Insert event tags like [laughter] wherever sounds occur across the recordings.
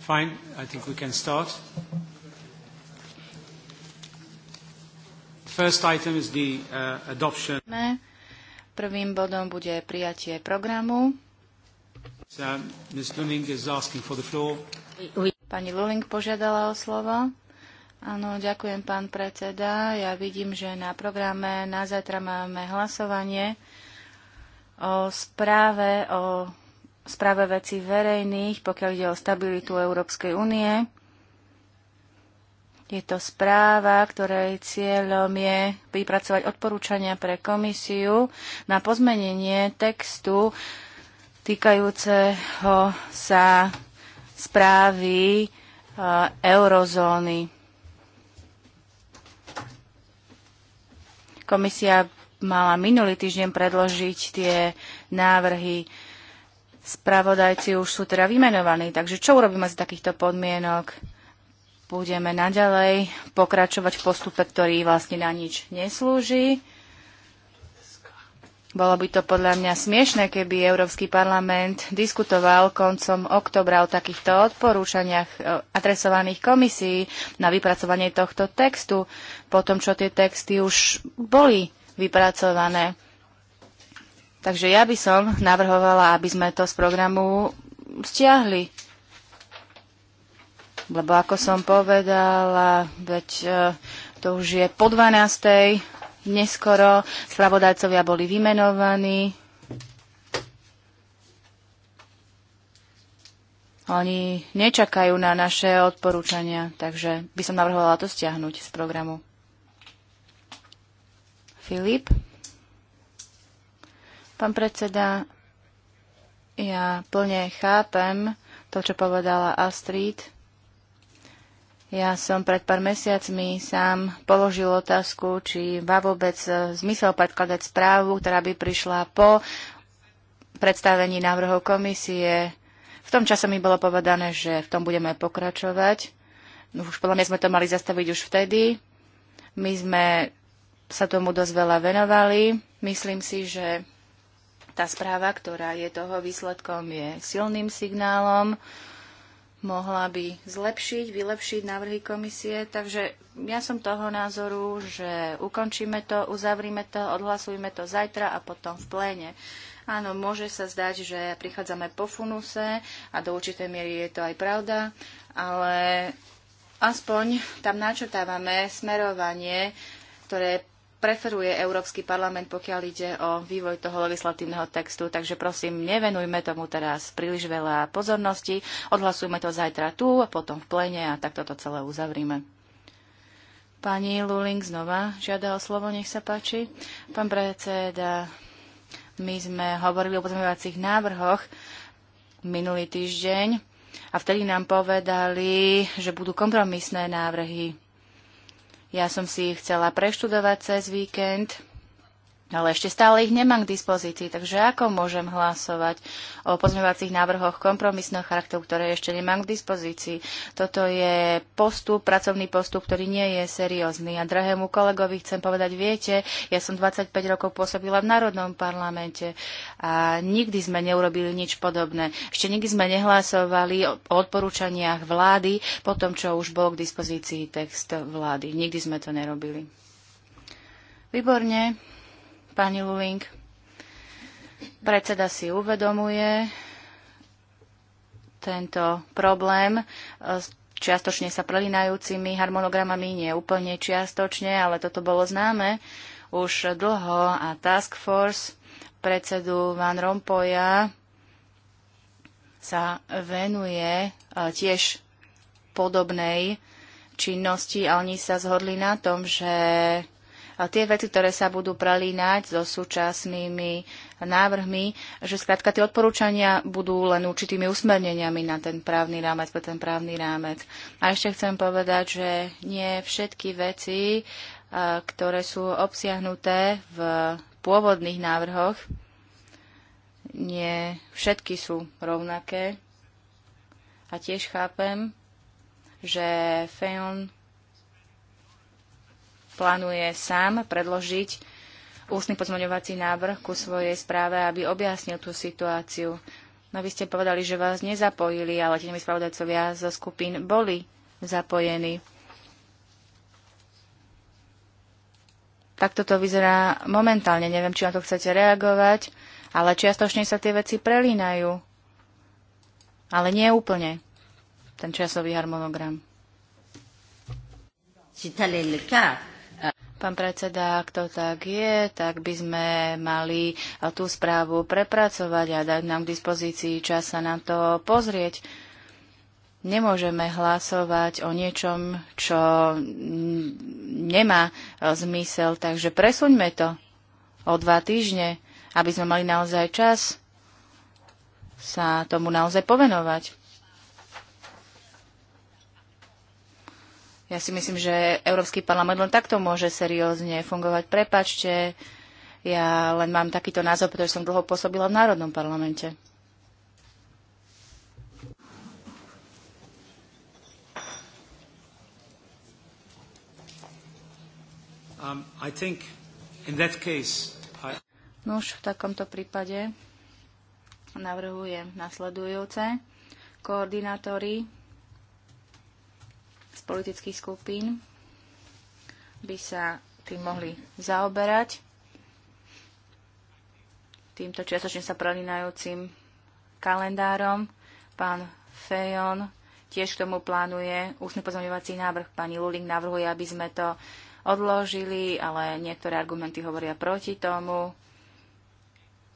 Fine, I think we can start. First item is the uh, adoption. Prvým bodom bude prijatie programu. So, Ms. Luling is asking for the floor. Pani Luling požiadala o slovo. Áno, ďakujem, pán predseda. Ja vidím, že na programe na zajtra máme hlasovanie o správe o správe veci verejných, pokiaľ ide o stabilitu Európskej únie. Je to správa, ktorej cieľom je vypracovať odporúčania pre komisiu na pozmenenie textu týkajúceho sa správy e, eurozóny. Komisia mala minulý týždeň predložiť tie návrhy Spravodajci už sú teda vymenovaní, takže čo urobíme z takýchto podmienok? Budeme naďalej pokračovať v postupe, ktorý vlastne na nič neslúži. Bolo by to podľa mňa smiešne, keby Európsky parlament diskutoval koncom oktobra o takýchto odporúčaniach e, adresovaných komisí na vypracovanie tohto textu, po tom, čo tie texty už boli vypracované. Takže ja by som navrhovala, aby sme to z programu stiahli. Lebo ako som povedala, veď e, to už je po 12. neskoro, spravodajcovia boli vymenovaní. Oni nečakajú na naše odporúčania, takže by som navrhovala to stiahnuť z programu. Filip? Pán predseda, ja plne chápem to, čo povedala Astrid. Ja som pred pár mesiacmi sám položil otázku, či má vôbec e, zmysel predkladať správu, ktorá by prišla po predstavení návrhov komisie. V tom čase mi bolo povedané, že v tom budeme pokračovať. No, už podľa mňa sme to mali zastaviť už vtedy. My sme sa tomu dosť veľa venovali. Myslím si, že tá správa, ktorá je toho výsledkom, je silným signálom. Mohla by zlepšiť, vylepšiť návrhy komisie. Takže ja som toho názoru, že ukončíme to, uzavrime to, odhlasujme to zajtra a potom v pléne. Áno, môže sa zdať, že prichádzame po funuse a do určitej miery je to aj pravda, ale aspoň tam načrtávame smerovanie, ktoré preferuje Európsky parlament, pokiaľ ide o vývoj toho legislatívneho textu. Takže prosím, nevenujme tomu teraz príliš veľa pozornosti. Odhlasujme to zajtra tu a potom v plene a takto to celé uzavrime. Pani Luling znova žiada o slovo, nech sa páči. Pán predseda, my sme hovorili o pozmeňovacích návrhoch minulý týždeň a vtedy nám povedali, že budú kompromisné návrhy ja som si ich chcela preštudovať cez víkend ale ešte stále ich nemám k dispozícii, takže ako môžem hlasovať o pozmeňovacích návrhoch kompromisného charakteru, ktoré ešte nemám k dispozícii. Toto je postup, pracovný postup, ktorý nie je seriózny. A drahému kolegovi chcem povedať, viete, ja som 25 rokov pôsobila v Národnom parlamente a nikdy sme neurobili nič podobné. Ešte nikdy sme nehlasovali o odporúčaniach vlády po tom, čo už bol k dispozícii text vlády. Nikdy sme to nerobili. Výborne pani Luling. Predseda si uvedomuje tento problém e, s čiastočne sa prelinajúcimi harmonogramami, nie úplne čiastočne, ale toto bolo známe už dlho a Task Force predsedu Van Rompoja sa venuje e, tiež podobnej činnosti a oni sa zhodli na tom, že tie veci, ktoré sa budú prelínať so súčasnými návrhmi, že skrátka tie odporúčania budú len určitými usmerneniami na ten právny rámec, pre ten právny rámec. A ešte chcem povedať, že nie všetky veci, ktoré sú obsiahnuté v pôvodných návrhoch, nie všetky sú rovnaké. A tiež chápem, že Feon plánuje sám predložiť ústny pozmeňovací návrh ku svojej správe, aby objasnil tú situáciu. No vy ste povedali, že vás nezapojili, ale tie spravodajcovia zo skupín boli zapojení. Tak toto vyzerá momentálne. Neviem, či na to chcete reagovať, ale čiastočne sa tie veci prelínajú. Ale nie úplne. Ten časový harmonogram. Čítali le Pán predseda, ak to tak je, tak by sme mali tú správu prepracovať a dať nám k dispozícii čas sa na to pozrieť. Nemôžeme hlasovať o niečom, čo nemá e, zmysel, takže presuňme to o dva týždne, aby sme mali naozaj čas sa tomu naozaj povenovať. Ja si myslím, že Európsky parlament len takto môže seriózne fungovať. Prepačte, ja len mám takýto názor, pretože som dlho pôsobila v Národnom parlamente. Um, I think in that case, I... No už v takomto prípade navrhujem nasledujúce. koordinátory z politických skupín by sa tým mohli zaoberať. Týmto čiastočne sa prelínajúcim kalendárom pán Fejon tiež k tomu plánuje ústny pozorňovací návrh. Pani Luling navrhuje, aby sme to odložili, ale niektoré argumenty hovoria proti tomu.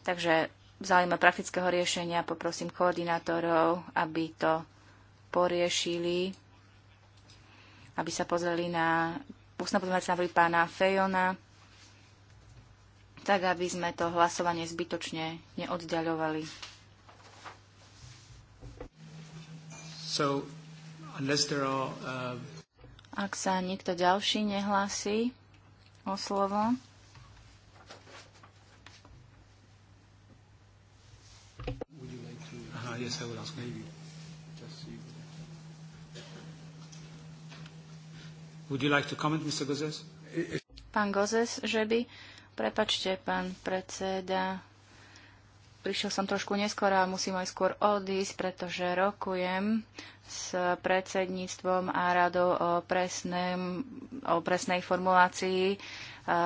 Takže v záujme praktického riešenia poprosím koordinátorov, aby to poriešili aby sa pozreli na ústne pozmeňovacie návrhy pána Fejona, tak aby sme to hlasovanie zbytočne neoddialovali. So, there are, uh... Ak sa nikto ďalší nehlási o slovo, Would you like to... Aha, yes, I will ask maybe. Would you like to comment, Mr. Gozes? Pán Gozes, že by... Prepačte, pán predseda. Prišiel som trošku neskôr a musím aj skôr odísť, pretože rokujem s predsedníctvom a radou o, presném, o presnej formulácii e,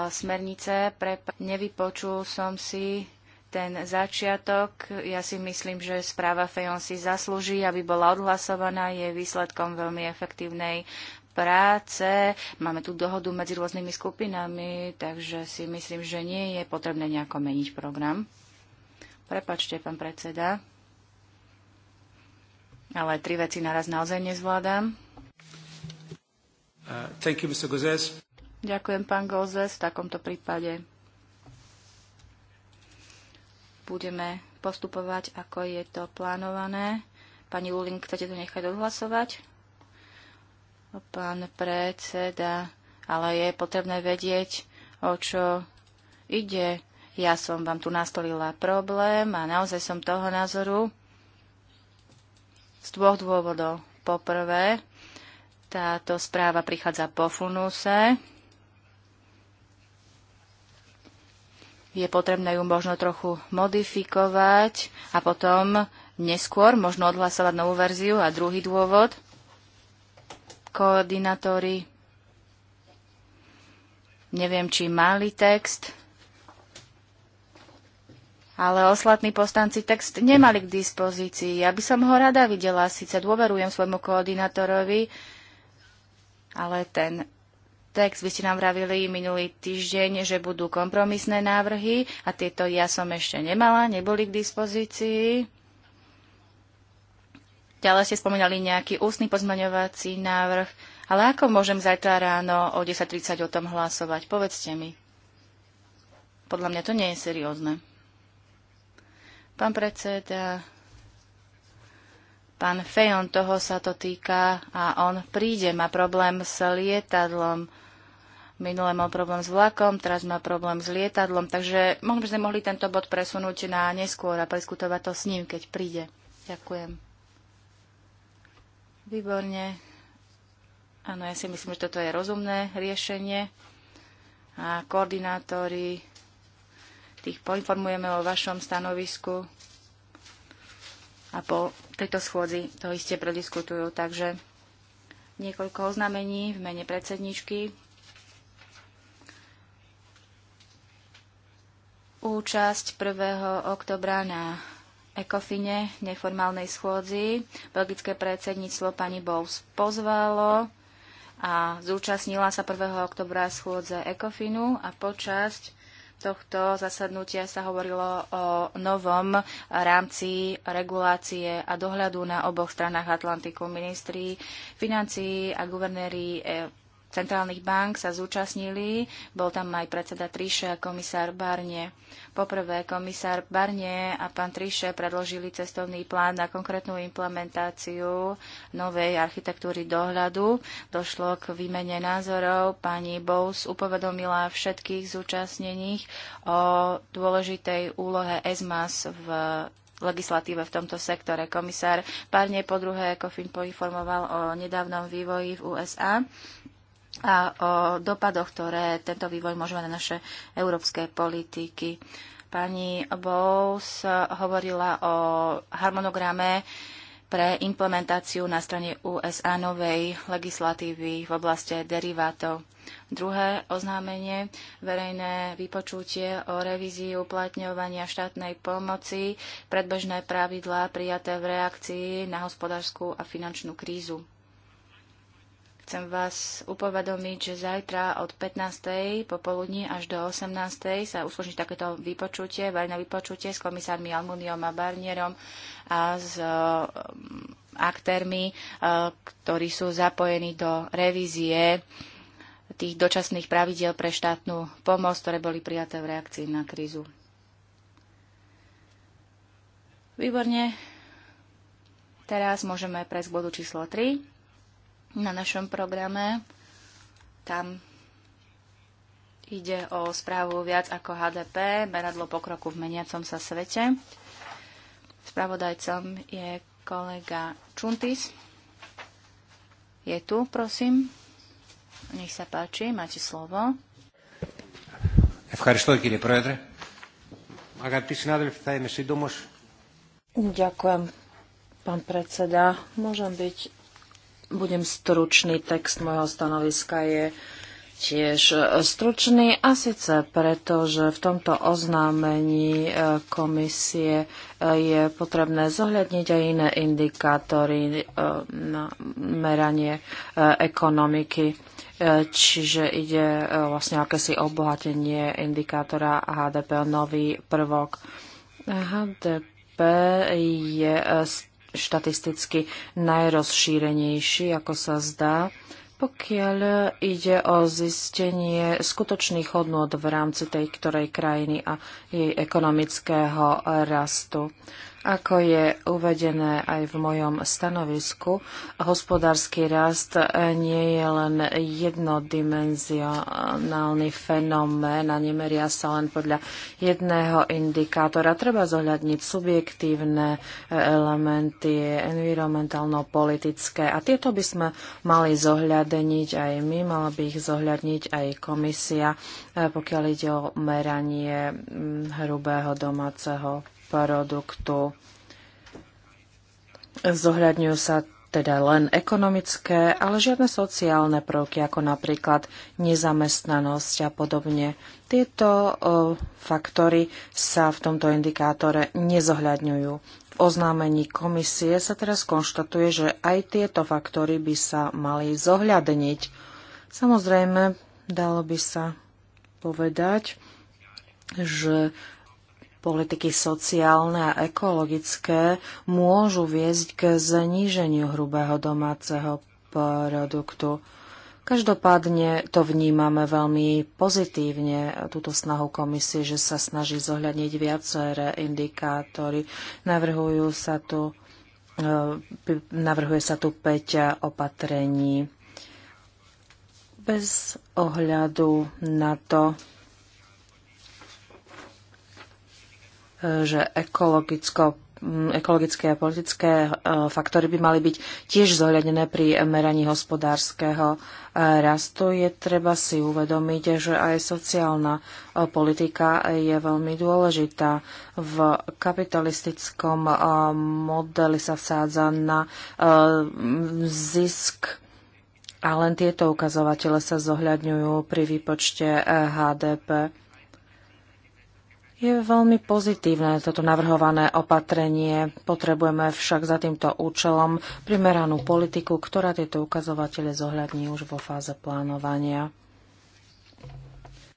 smernice. Prepa- nevypočul som si ten začiatok. Ja si myslím, že správa Fejon si zaslúži, aby bola odhlasovaná. Je výsledkom veľmi efektívnej práce, máme tu dohodu medzi rôznymi skupinami, takže si myslím, že nie je potrebné nejako meniť program. Prepačte, pán predseda, ale tri veci naraz naozaj nezvládam. Uh, thank you, Mr. Gozes. Ďakujem, pán Gozes. V takomto prípade budeme postupovať, ako je to plánované. Pani Luling, chcete to nechať odhlasovať? pán predseda, ale je potrebné vedieť, o čo ide. Ja som vám tu nastolila problém a naozaj som toho názoru z dvoch dôvodov. Poprvé, táto správa prichádza po funuse. Je potrebné ju možno trochu modifikovať a potom neskôr možno odhlasovať novú verziu. A druhý dôvod – koordinátori neviem, či mali text, ale ostatní postanci text nemali k dispozícii. Ja by som ho rada videla, síce dôverujem svojmu koordinátorovi, ale ten text, vy ste nám vravili minulý týždeň, že budú kompromisné návrhy a tieto ja som ešte nemala, neboli k dispozícii. Ďalej ste spomínali nejaký ústny pozmaňovací návrh, ale ako môžem zajtra ráno o 10.30 o tom hlasovať? Povedzte mi. Podľa mňa to nie je seriózne. Pán predseda, pán Fejon, toho sa to týka a on príde, má problém s lietadlom. Minule mal problém s vlakom, teraz má problém s lietadlom, takže možno by sme mohli tento bod presunúť na neskôr a preskutovať to s ním, keď príde. Ďakujem. Výborne. Áno, ja si myslím, že toto je rozumné riešenie. A koordinátori, tých poinformujeme o vašom stanovisku a po tejto schôdzi to iste prediskutujú. Takže niekoľko oznamení v mene predsedničky. Účasť 1. oktobra na ECOFINE, neformálnej schôdzi. Belgické predsedníctvo pani Bous pozvalo a zúčastnila sa 1. oktobra schôdze ECOFINu a počasť tohto zasadnutia sa hovorilo o novom rámci regulácie a dohľadu na oboch stranách Atlantiku. Ministri financií a guvernéri eh, centrálnych bank sa zúčastnili. Bol tam aj predseda Triše a komisár Barne. Poprvé, komisár Barne a pán Triše predložili cestovný plán na konkrétnu implementáciu novej architektúry dohľadu. Došlo k výmene názorov. Pani Bous upovedomila všetkých zúčastnených o dôležitej úlohe ESMAS v legislatíve v tomto sektore. Komisár Barne po druhé Kofin poinformoval o nedávnom vývoji v USA a o dopadoch, ktoré tento vývoj môže mať na naše európske politiky. Pani Bowles hovorila o harmonograme pre implementáciu na strane USA novej legislatívy v oblasti derivátov. Druhé oznámenie, verejné vypočutie o revízii uplatňovania štátnej pomoci, predbežné pravidlá prijaté v reakcii na hospodárskú a finančnú krízu. Chcem vás upovedomiť, že zajtra od 15. popoludní až do 18. sa uskutoční takéto vypočutie, verejné vypočutie s komisármi Almuniom a Barnierom a s e, mm, aktérmi, e, ktorí sú zapojení do revízie tých dočasných pravidiel pre štátnu pomoc, ktoré boli prijaté v reakcii na krízu. Výborne. Teraz môžeme prejsť k bodu číslo 3 na našom programe. Tam ide o správu viac ako HDP, meradlo pokroku v meniacom sa svete. Spravodajcom je kolega Čuntis. Je tu, prosím. Nech sa páči, máte slovo. Ďakujem, pán predseda. Môžem byť budem stručný, text môjho stanoviska je tiež e, stručný a síce preto, že v tomto oznámení e, komisie e, je potrebné zohľadniť aj iné indikátory na meranie ekonomiky. Čiže ide vlastne akési obohatenie indikátora HDP, nový prvok. HDP je štatisticky najrozšírenejší, ako sa zdá. Pokiaľ ide o zistenie skutočných hodnôt v rámci tej ktorej krajiny a jej ekonomického rastu. Ako je uvedené aj v mojom stanovisku, hospodársky rast nie je len jednodimenzionálny fenomén a nemeria sa len podľa jedného indikátora. Treba zohľadniť subjektívne e, elementy, environmentálno-politické a tieto by sme mali zohľadeniť aj my, mala by ich zohľadniť aj komisia, e, pokiaľ ide o meranie hrubého domáceho to Zohľadňujú sa teda len ekonomické, ale žiadne sociálne prvky, ako napríklad nezamestnanosť a podobne. Tieto o, faktory sa v tomto indikátore nezohľadňujú. V oznámení komisie sa teraz konštatuje, že aj tieto faktory by sa mali zohľadniť. Samozrejme, dalo by sa povedať, že politiky sociálne a ekologické môžu viesť k zníženiu hrubého domáceho produktu. Každopádne to vnímame veľmi pozitívne, túto snahu komisie, že sa snaží zohľadniť viaceré indikátory. Navrhujú sa tu, e, navrhuje sa tu 5 opatrení. Bez ohľadu na to, že ekologicko mm, ekologické a politické e, faktory by mali byť tiež zohľadené pri meraní hospodárskeho e, rastu. Je treba si uvedomiť, že aj sociálna e, politika je veľmi dôležitá. V kapitalistickom modeli sa vsádza na zisk a len tieto ukazovatele sa zohľadňujú pri výpočte HDP je veľmi pozitívne toto navrhované opatrenie. Potrebujeme však za týmto účelom primeranú politiku, ktorá tieto ukazovatele zohľadní už vo fáze plánovania.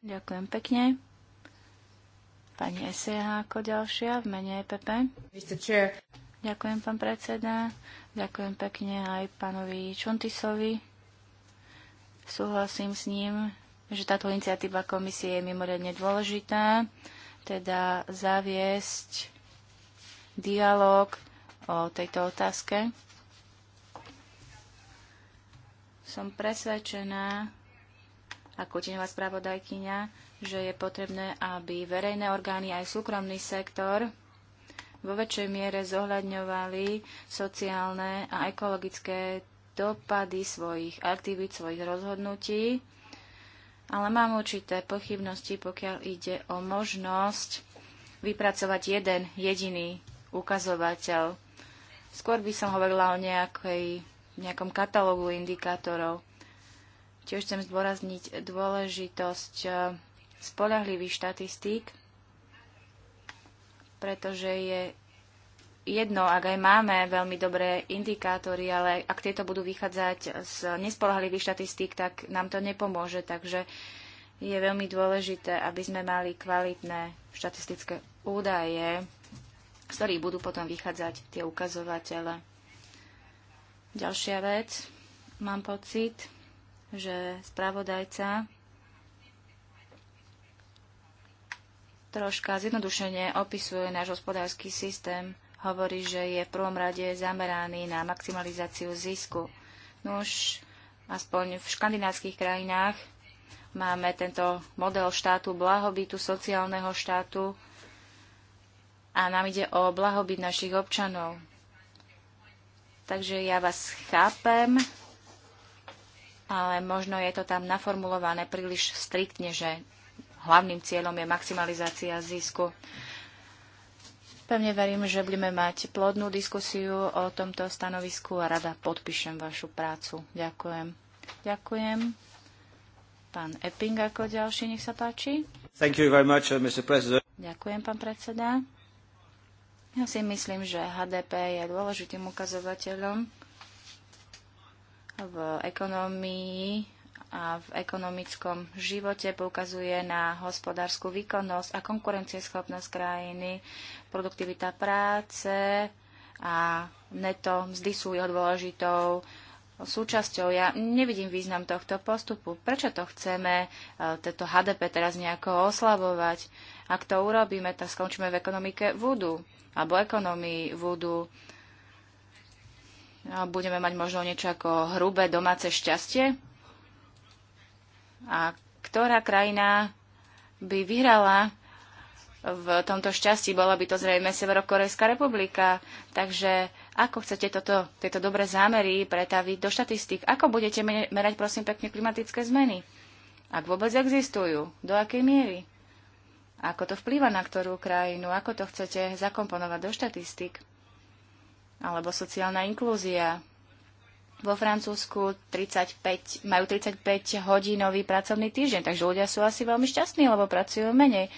Ďakujem pekne. Pani SEH ako ďalšia v mene EPP. Ďakujem, pán predseda. Ďakujem pekne aj pánovi Čontisovi. Súhlasím s ním, že táto iniciatíva komisie je mimoriadne dôležitá teda zaviesť dialog o tejto otázke. Som presvedčená, ako tenová spravodajkyňa, že je potrebné, aby verejné orgány aj súkromný sektor vo väčšej miere zohľadňovali sociálne a ekologické dopady svojich aktivít, svojich rozhodnutí ale mám určité pochybnosti, pokiaľ ide o možnosť vypracovať jeden jediný ukazovateľ. Skôr by som hovorila o nejakej, nejakom katalógu indikátorov. Tiež chcem zdôrazniť dôležitosť eh, spolahlivých štatistík, pretože je jedno, ak aj máme veľmi dobré indikátory, ale ak tieto budú vychádzať z nespolahlivých štatistík, tak nám to nepomôže. Takže je veľmi dôležité, aby sme mali kvalitné štatistické údaje, z ktorých budú potom vychádzať tie ukazovatele. Ďalšia vec, mám pocit, že spravodajca troška zjednodušene opisuje náš hospodársky systém hovorí, že je v prvom rade zameraný na maximalizáciu zisku. No už aspoň v škandinávskych krajinách máme tento model štátu blahobytu, sociálneho štátu a nám ide o blahobyt našich občanov. Takže ja vás chápem, ale možno je to tam naformulované príliš striktne, že hlavným cieľom je maximalizácia zisku. Pevne verím, že budeme mať plodnú diskusiu o tomto stanovisku a rada podpíšem vašu prácu. Ďakujem. Ďakujem. Pán Epping ako ďalší, nech sa páči. Thank you very much, uh, Mr. President. Ďakujem, pán predseda. Ja si myslím, že HDP je dôležitým ukazovateľom v ekonomii a v ekonomickom živote poukazuje na hospodárskú výkonnosť a konkurencieschopnosť krajiny produktivita práce a neto mzdy sú jeho dôležitou súčasťou. Ja nevidím význam tohto postupu. Prečo to chceme, e, tento HDP teraz nejako oslabovať? Ak to urobíme, tak skončíme v ekonomike vúdu alebo ekonomii vúdu. Budeme mať možno niečo ako hrubé domáce šťastie? A ktorá krajina by vyhrala v tomto šťastí. Bola by to zrejme Severokorejská republika. Takže ako chcete toto, tieto dobré zámery pretaviť do štatistik? Ako budete merať, prosím, pekne klimatické zmeny? Ak vôbec existujú? Do akej miery? Ako to vplýva na ktorú krajinu? Ako to chcete zakomponovať do štatistik? Alebo sociálna inklúzia, vo Francúzsku 35, majú 35 hodinový pracovný týždeň, takže ľudia sú asi veľmi šťastní, lebo pracujú menej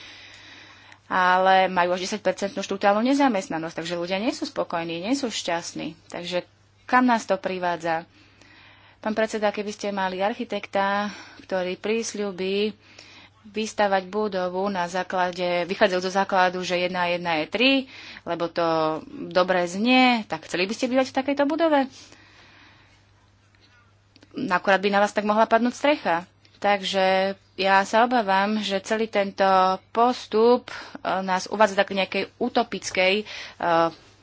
ale majú až 10% štútalnú nezamestnanosť, takže ľudia nie sú spokojní, nie sú šťastní. Takže kam nás to privádza? Pán predseda, keby ste mali architekta, ktorý prísľubí vystavať budovu na základe, vychádzajú zo základu, že 1 a 1 je 3, lebo to dobre znie, tak chceli by ste bývať v takejto budove? Akurát by na vás tak mohla padnúť strecha. Takže ja sa obávam, že celý tento postup e, nás uvádza tak nejakej utopickej e,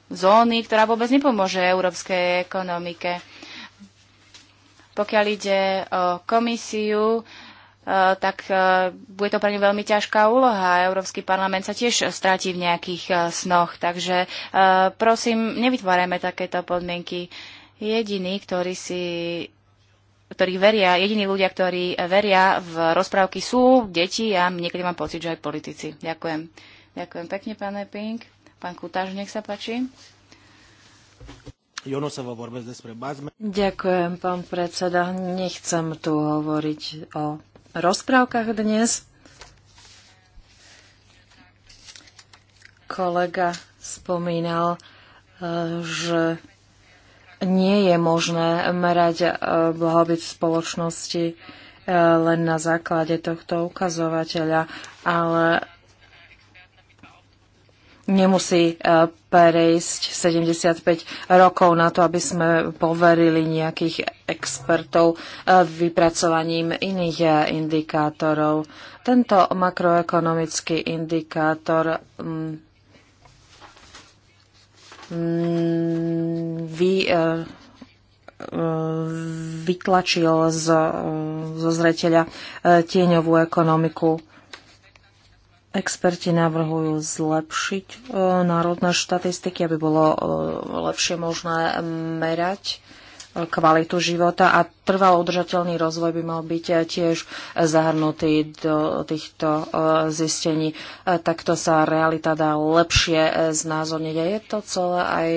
zóny, ktorá vôbec nepomôže európskej ekonomike. Pokiaľ ide o komisiu, e, tak bude to pre ňu veľmi ťažká úloha. Európsky parlament sa tiež stratí v nejakých snoch, takže prosím, nevytvárajme takéto podmienky. Jediný, ktorý si ktorí veria, jediní ľudia, ktorí veria v rozprávky sú deti a niekedy mám pocit, že aj politici. Ďakujem. Ďakujem pekne, pán Epping. Pán Kutáž, nech sa páči. No Ďakujem, pán predseda. Nechcem tu hovoriť o rozprávkach dnes. Kolega spomínal, eh, že nie je možné merať e, blahobyt spoločnosti e, len na základe tohto ukazovateľa, ale nemusí e, prejsť 75 rokov na to, aby sme poverili nejakých expertov vypracovaním iných indikátorov. Tento makroekonomický indikátor Mm, vy, e, e, vytlačil z, zo zreteľa e, tieňovú ekonomiku. Experti navrhujú zlepšiť národné štatistiky, aby bolo lepšie možné merať kvalitu života a trvalo udržateľný rozvoj by mal byť eh, tiež zahrnutý do týchto eh, zistení. Eh, takto sa realita dá lepšie znázorniť a je to celé aj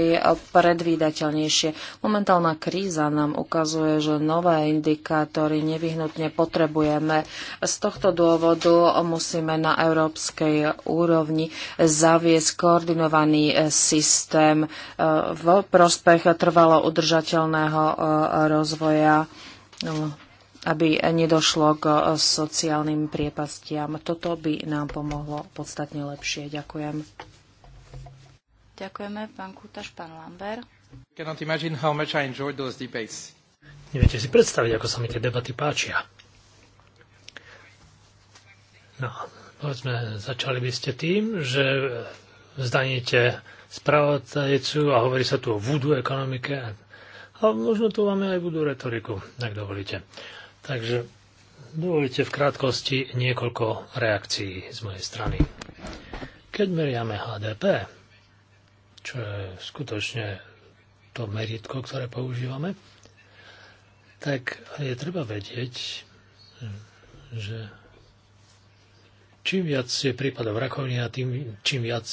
predvídateľnejšie. Momentálna kríza nám ukazuje, že nové indikátory nevyhnutne potrebujeme. Z tohto dôvodu musíme na európskej úrovni zaviesť koordinovaný systém v prospech trvalo udržateľného rozvoja No, aby nedošlo k e, sociálnym priepastiam. Toto by nám pomohlo podstatne lepšie. Ďakujem. Ďakujeme, pán Kutaš, pán Lamber. Neviete si predstaviť, ako sa mi tie debaty páčia. No, povedzme, začali by ste tým, že zdaníte spravodajcu a hovorí sa tu o vúdu ekonomike. A možno tu máme aj budú retoriku, ak dovolíte. Takže dovolíte v krátkosti niekoľko reakcií z mojej strany. Keď meriame HDP, čo je skutočne to meritko, ktoré používame, tak je treba vedieť, že čím viac je prípadov rakovina, tým, čím viac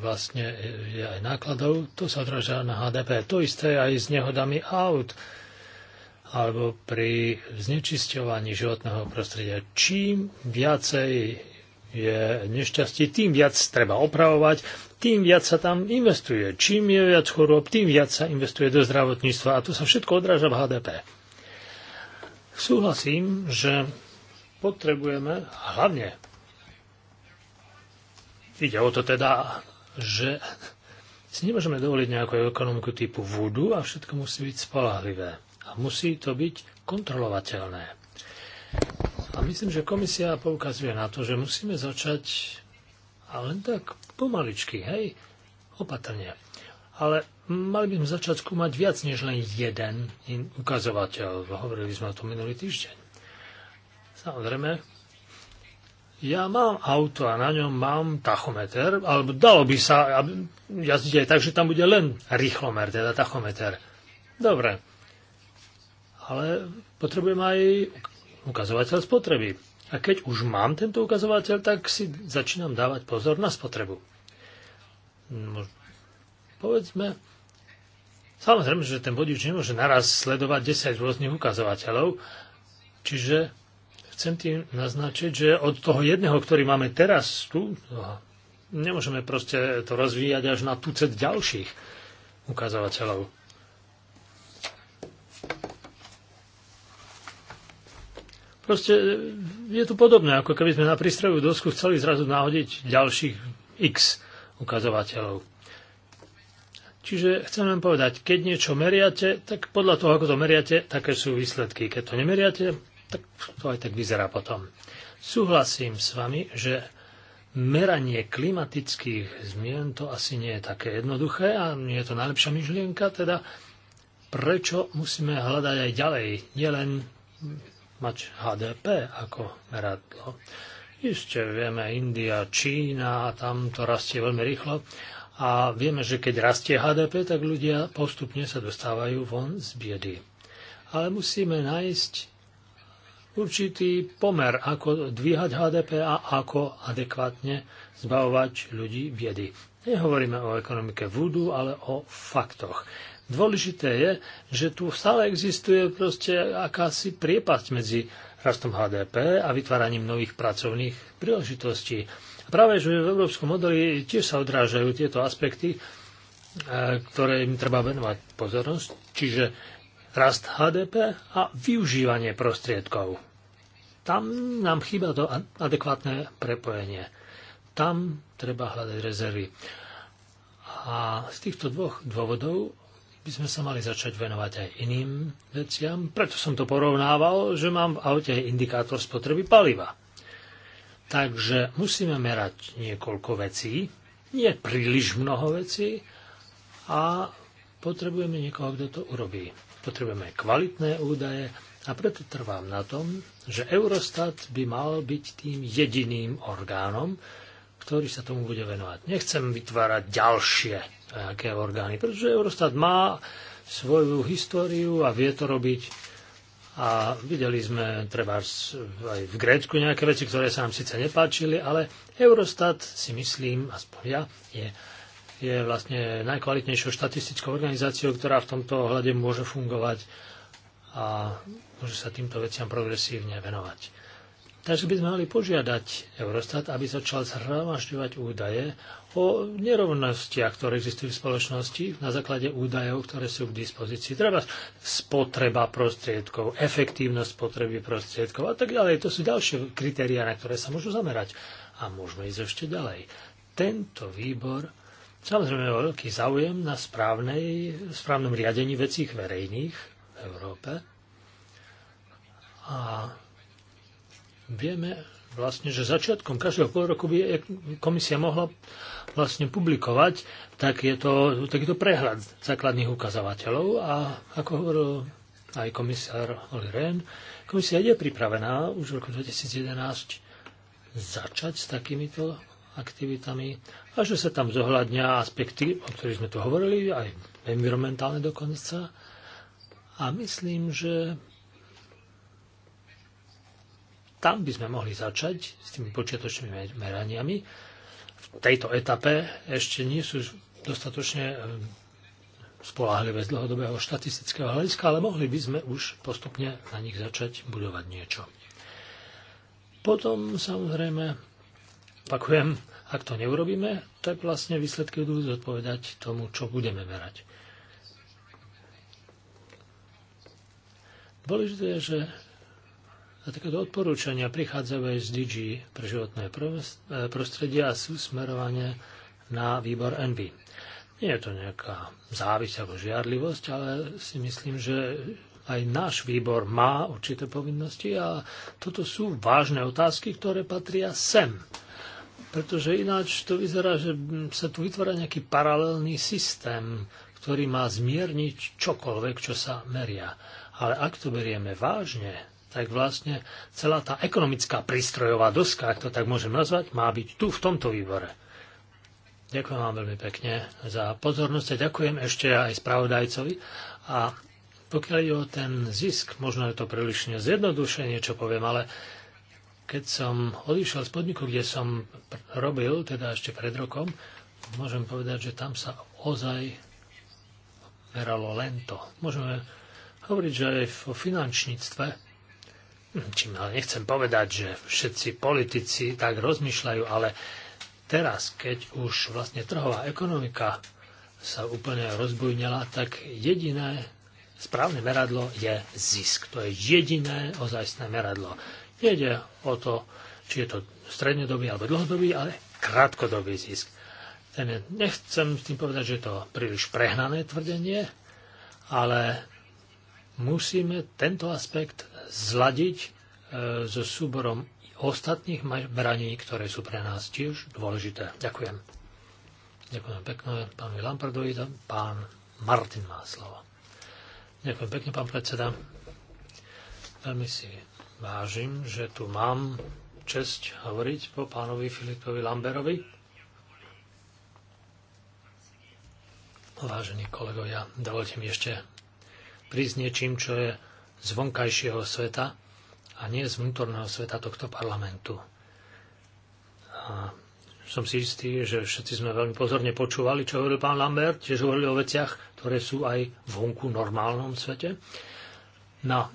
vlastne je aj nákladov, to sa odráža na HDP. To isté aj s nehodami aut alebo pri znečisťovaní životného prostredia. Čím viacej je nešťastí, tým viac treba opravovať, tým viac sa tam investuje. Čím je viac chorób, tým viac sa investuje do zdravotníctva a to sa všetko odráža v HDP. Súhlasím, že potrebujeme, hlavne Ide o to teda, že si nemôžeme dovoliť nejakú ekonomiku typu vúdu a všetko musí byť spolahlivé. A musí to byť kontrolovateľné. A myslím, že komisia poukazuje na to, že musíme začať a len tak pomaličky, hej, opatrne. Ale mali by sme začať skúmať viac než len jeden ukazovateľ. Hovorili sme o tom minulý týždeň. Samozrejme, ja mám auto a na ňom mám tachometer, alebo dalo by sa jazdiť aj tak, že tam bude len rýchlomer, teda tachometer. Dobre. Ale potrebujem aj ukazovateľ spotreby. A keď už mám tento ukazovateľ, tak si začínam dávať pozor na spotrebu. No, povedzme, samozrejme, že ten vodič nemôže naraz sledovať 10 rôznych ukazovateľov, čiže Chcem tým naznačiť, že od toho jedného, ktorý máme teraz tu, nemôžeme proste to rozvíjať až na tucet ďalších ukazovateľov. Proste je to podobné, ako keby sme na prístrojovú dosku chceli zrazu nahodiť ďalších x ukazovateľov. Čiže chcem vám povedať, keď niečo meriate, tak podľa toho, ako to meriate, také sú výsledky. Keď to nemeriate, tak to aj tak vyzerá potom. Súhlasím s vami, že meranie klimatických zmien to asi nie je také jednoduché a nie je to najlepšia myšlienka, teda prečo musíme hľadať aj ďalej, nielen mať HDP ako meradlo. Isté vieme, India, Čína, tam to rastie veľmi rýchlo a vieme, že keď rastie HDP, tak ľudia postupne sa dostávajú von z biedy. Ale musíme nájsť určitý pomer, ako dvíhať HDP a ako adekvátne zbavovať ľudí biedy. Nehovoríme o ekonomike vúdu, ale o faktoch. Dôležité je, že tu stále existuje proste akási priepasť medzi rastom HDP a vytváraním nových pracovných príležitostí. Práve, že v európskom modeli tiež sa odrážajú tieto aspekty, e, ktoré im treba venovať pozornosť. Čiže rast HDP a využívanie prostriedkov. Tam nám chýba to adekvátne prepojenie. Tam treba hľadať rezervy. A z týchto dvoch dôvodov by sme sa mali začať venovať aj iným veciam. Preto som to porovnával, že mám v aute indikátor spotreby paliva. Takže musíme merať niekoľko vecí, nie príliš mnoho vecí a potrebujeme niekoho, kto to urobí potrebujeme kvalitné údaje a preto trvám na tom, že Eurostat by mal byť tým jediným orgánom, ktorý sa tomu bude venovať. Nechcem vytvárať ďalšie nejaké eh, orgány, pretože Eurostat má svoju históriu a vie to robiť. A videli sme treba aj v Grécku nejaké veci, ktoré sa nám síce nepáčili, ale Eurostat si myslím, aspoň ja, je je vlastne najkvalitnejšou štatistickou organizáciou, ktorá v tomto ohľade môže fungovať a môže sa týmto veciam progresívne venovať. Takže by sme mali požiadať Eurostat, aby začal zhromažďovať údaje o nerovnostiach, ktoré existujú v spoločnosti na základe údajov, ktoré sú k dispozícii. Treba spotreba prostriedkov, efektívnosť spotreby prostriedkov a tak ďalej. To sú ďalšie kritéria, na ktoré sa môžu zamerať. A môžeme ísť ešte ďalej. Tento výbor Samozrejme, veľký záujem na správnej, správnom riadení vecí verejných v Európe. A vieme vlastne, že začiatkom každého pol roku by e- komisia mohla vlastne publikovať takýto takýto prehľad základných ukazovateľov a ako hovoril aj komisár Oli Rehn, komisia je pripravená už v roku 2011 začať s takýmito aktivitami a že sa tam zohľadňa aspekty, o ktorých sme tu hovorili, aj environmentálne dokonca. A myslím, že tam by sme mohli začať s tými počiatočnými meraniami. V tejto etape ešte nie sú dostatočne e, spolahlivé z dlhodobého štatistického hľadiska, ale mohli by sme už postupne na nich začať budovať niečo. Potom samozrejme, opakujem, ak to neurobíme, tak vlastne výsledky budú zodpovedať tomu, čo budeme merať. Dôležité je, že a takéto odporúčania prichádzajú aj z DG pre životné e, prostredie a sú smerované na výbor NB. Nie je to nejaká závisť alebo žiarlivosť, ale si myslím, že aj náš výbor má určité povinnosti a toto sú vážne otázky, ktoré patria sem pretože ináč to vyzerá, že sa tu vytvára nejaký paralelný systém, ktorý má zmierniť čokoľvek, čo sa meria. Ale ak to berieme vážne, tak vlastne celá tá ekonomická prístrojová doska, ak to tak môžem nazvať, má byť tu v tomto výbore. Ďakujem vám veľmi pekne za pozornosť a ďakujem ešte aj spravodajcovi. A pokiaľ je o ten zisk, možno je to prílišne zjednodušenie, čo poviem, ale keď som odišiel z podniku, kde som robil, teda ešte pred rokom, môžem povedať, že tam sa ozaj meralo len to. Môžeme hovoriť, že aj o finančníctve, čím ale nechcem povedať, že všetci politici tak rozmýšľajú, ale teraz, keď už vlastne trhová ekonomika sa úplne rozbujnila, tak jediné správne meradlo je zisk. To je jediné ozajstné meradlo. Nejde o to, či je to strednodobý alebo dlhodobý, ale krátkodobý zisk. Ten, nechcem s tým povedať, že je to príliš prehnané tvrdenie, ale musíme tento aspekt zladiť e, so súborom ostatných braní, ktoré sú pre nás tiež dôležité. Ďakujem. Ďakujem pekne pánovi Lampardovi, pán Martin má slovo. Ďakujem pekne, pán predseda. Veľmi si vážim, že tu mám čest hovoriť po pánovi Filipovi Lamberovi. Vážení kolegovia, dovolte mi ešte prísť niečím, čo je z vonkajšieho sveta a nie z vnútorného sveta tohto parlamentu. A som si istý, že všetci sme veľmi pozorne počúvali, čo hovoril pán Lambert, tiež hovorili o veciach, ktoré sú aj vonku normálnom svete. No,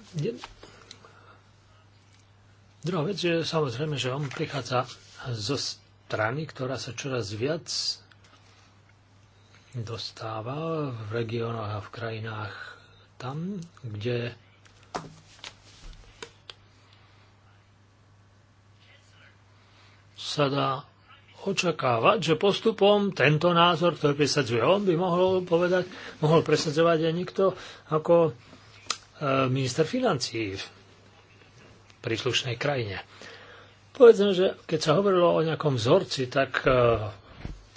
Druhá vec je samozrejme, že on prichádza zo strany, ktorá sa čoraz viac dostáva v regiónoch a v krajinách tam, kde sa dá očakávať, že postupom tento názor, ktorý presadzuje on, by mohol povedať, mohol presadzovať aj niekto ako e, minister financí príslušnej krajine. Povedzme, že keď sa hovorilo o nejakom vzorci, tak e,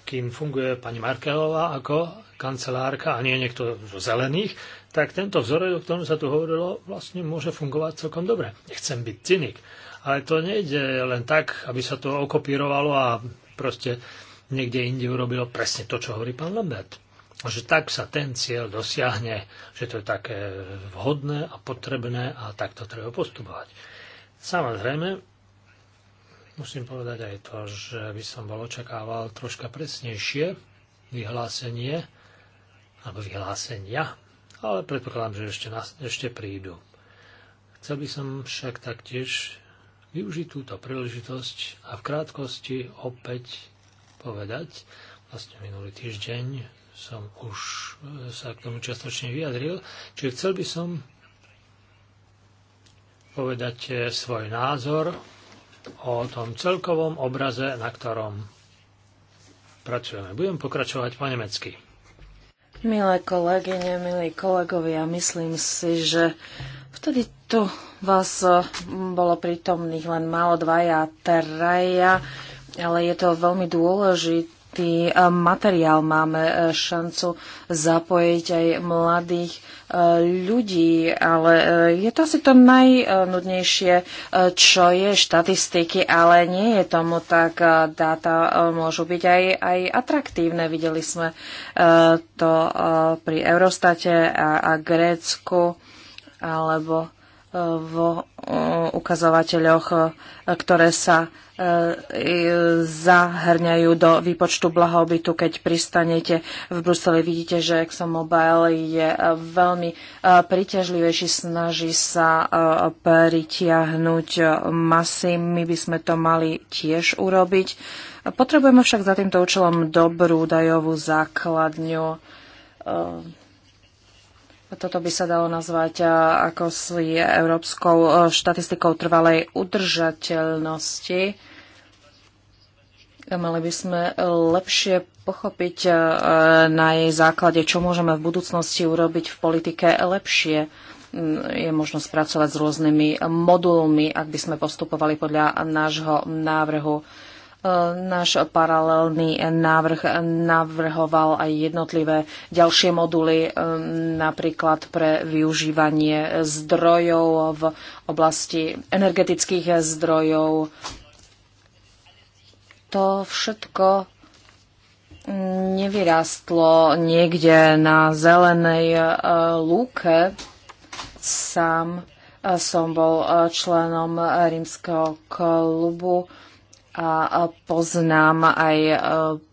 kým funguje pani Markelová ako kancelárka a nie niekto zo zelených, tak tento vzorec, o ktorom sa tu hovorilo, vlastne môže fungovať celkom dobre. Nechcem byť cynik, ale to nejde len tak, aby sa to okopírovalo a proste niekde inde urobilo presne to, čo hovorí pán Lambert. Že tak sa ten cieľ dosiahne, že to je také vhodné a potrebné a takto treba postupovať. Samozrejme, musím povedať aj to, že by som bol očakával troška presnejšie vyhlásenie alebo vyhlásenia, ale predpokladám, že ešte, na, ešte prídu. Chcel by som však taktiež využiť túto príležitosť a v krátkosti opäť povedať, vlastne minulý týždeň som už e, sa k tomu častočne vyjadril, čiže chcel by som povedať eh, svoj názor o tom celkovom obraze, na ktorom pracujeme. Budem pokračovať po nemecky. Milé kolegyne, milí kolegovia, myslím si, že vtedy tu vás eh, bolo prítomných len málo dvaja, traja, ale je to veľmi dôležité bohatý e, materiál. Máme e, šancu zapojiť aj mladých e, ľudí, ale je to asi to najnudnejšie, čo je štatistiky, ale nie je tomu tak. Dáta môžu byť aj, aj atraktívne. Videli sme to pri Eurostate a, a Grécku alebo v ukazovateľoch, ktoré sa zahrňajú do výpočtu blahobytu. Keď pristanete v Bruseli, vidíte, že ExxonMobil je e, veľmi e, priťažlivejší, snaží sa e, pritiahnuť masy. My by sme to mali tiež urobiť. Potrebujeme však za týmto účelom dobrú dajovú základňu toto by sa dalo nazvať ako si európskou e, štatistikou trvalej udržateľnosti. Mali by sme lepšie pochopiť e, na jej základe, čo môžeme v budúcnosti urobiť v politike lepšie. Mm, je možno spracovať s rôznymi modulmi, ak by sme postupovali podľa nášho návrhu. Náš paralelný návrh navrhoval aj jednotlivé ďalšie moduly, um, napríklad pre využívanie zdrojov v oblasti energetických zdrojov. To všetko nevyrástlo niekde na zelenej uh, lúke. Sám uh, som bol uh, členom rímskeho klubu a poznám aj e,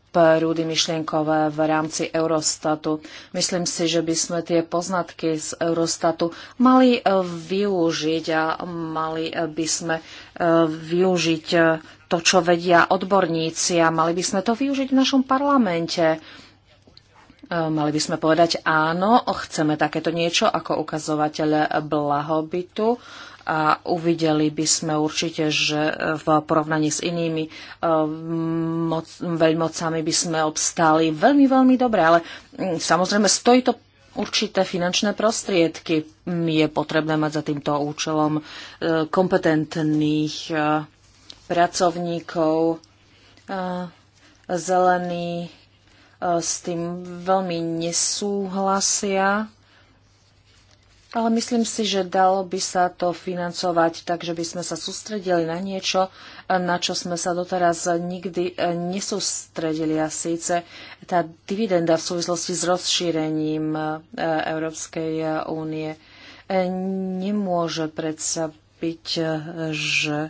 prúdy myšlienkové v rámci Eurostatu. Myslím si, že by sme tie poznatky z Eurostatu mali e, využiť a mali e, by sme využiť to, čo vedia odborníci a mali by sme to využiť v našom parlamente. Mali by sme povedať áno, chceme takéto niečo ako ukazovateľ blahobytu a uvideli by sme určite, že e, v porovnaní s inými e, moc, veľmocami by sme obstáli veľmi, veľmi dobre, ale mm, samozrejme stojí to určité finančné prostriedky. Je potrebné mať za týmto účelom e, kompetentných pracovníkov. Zelení s tým veľmi nesúhlasia ale myslím si, že dalo by sa to financovať tak, že by sme sa sústredili na niečo, na čo sme sa doteraz nikdy eh, nesústredili. A síce tá dividenda v súvislosti s rozšírením eh, Európskej eh, únie nemôže predsa byť, že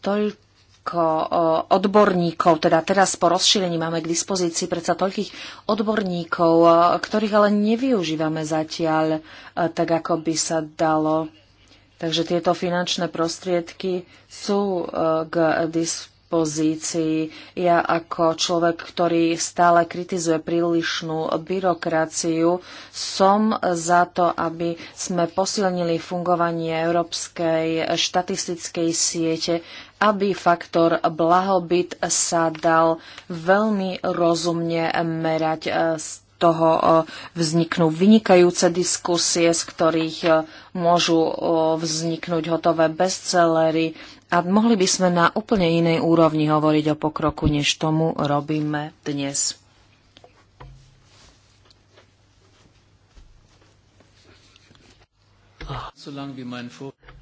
toľko ako odborníkov, teda teraz po rozšírení máme k dispozícii predsa toľkých odborníkov, ktorých ale nevyužívame zatiaľ e, tak, ako by sa dalo. Takže tieto finančné prostriedky sú e, k dispozícii pozícii. Ja ako človek, ktorý stále kritizuje prílišnú byrokraciu, som za to, aby sme posilnili fungovanie Európskej štatistickej siete, aby faktor blahobyt sa dal veľmi rozumne merať e, z toho e, vzniknú vynikajúce diskusie, z ktorých e, môžu vzniknúť hotové bestsellery, a mohli by sme na úplne inej úrovni hovoriť o pokroku, než tomu robíme dnes.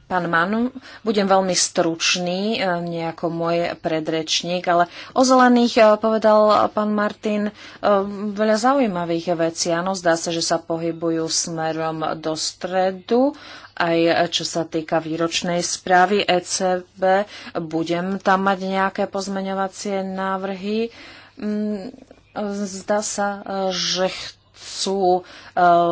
Pán Manu, budem veľmi stručný, e, nejako môj predrečník, ale o zelených e, povedal pán Martin e, veľa zaujímavých vecí. Áno, zdá sa, že sa pohybujú smerom do stredu aj čo sa týka výročnej správy ECB. Budem tam mať nejaké pozmeňovacie návrhy. Mm, Zdá sa, že chcú eh,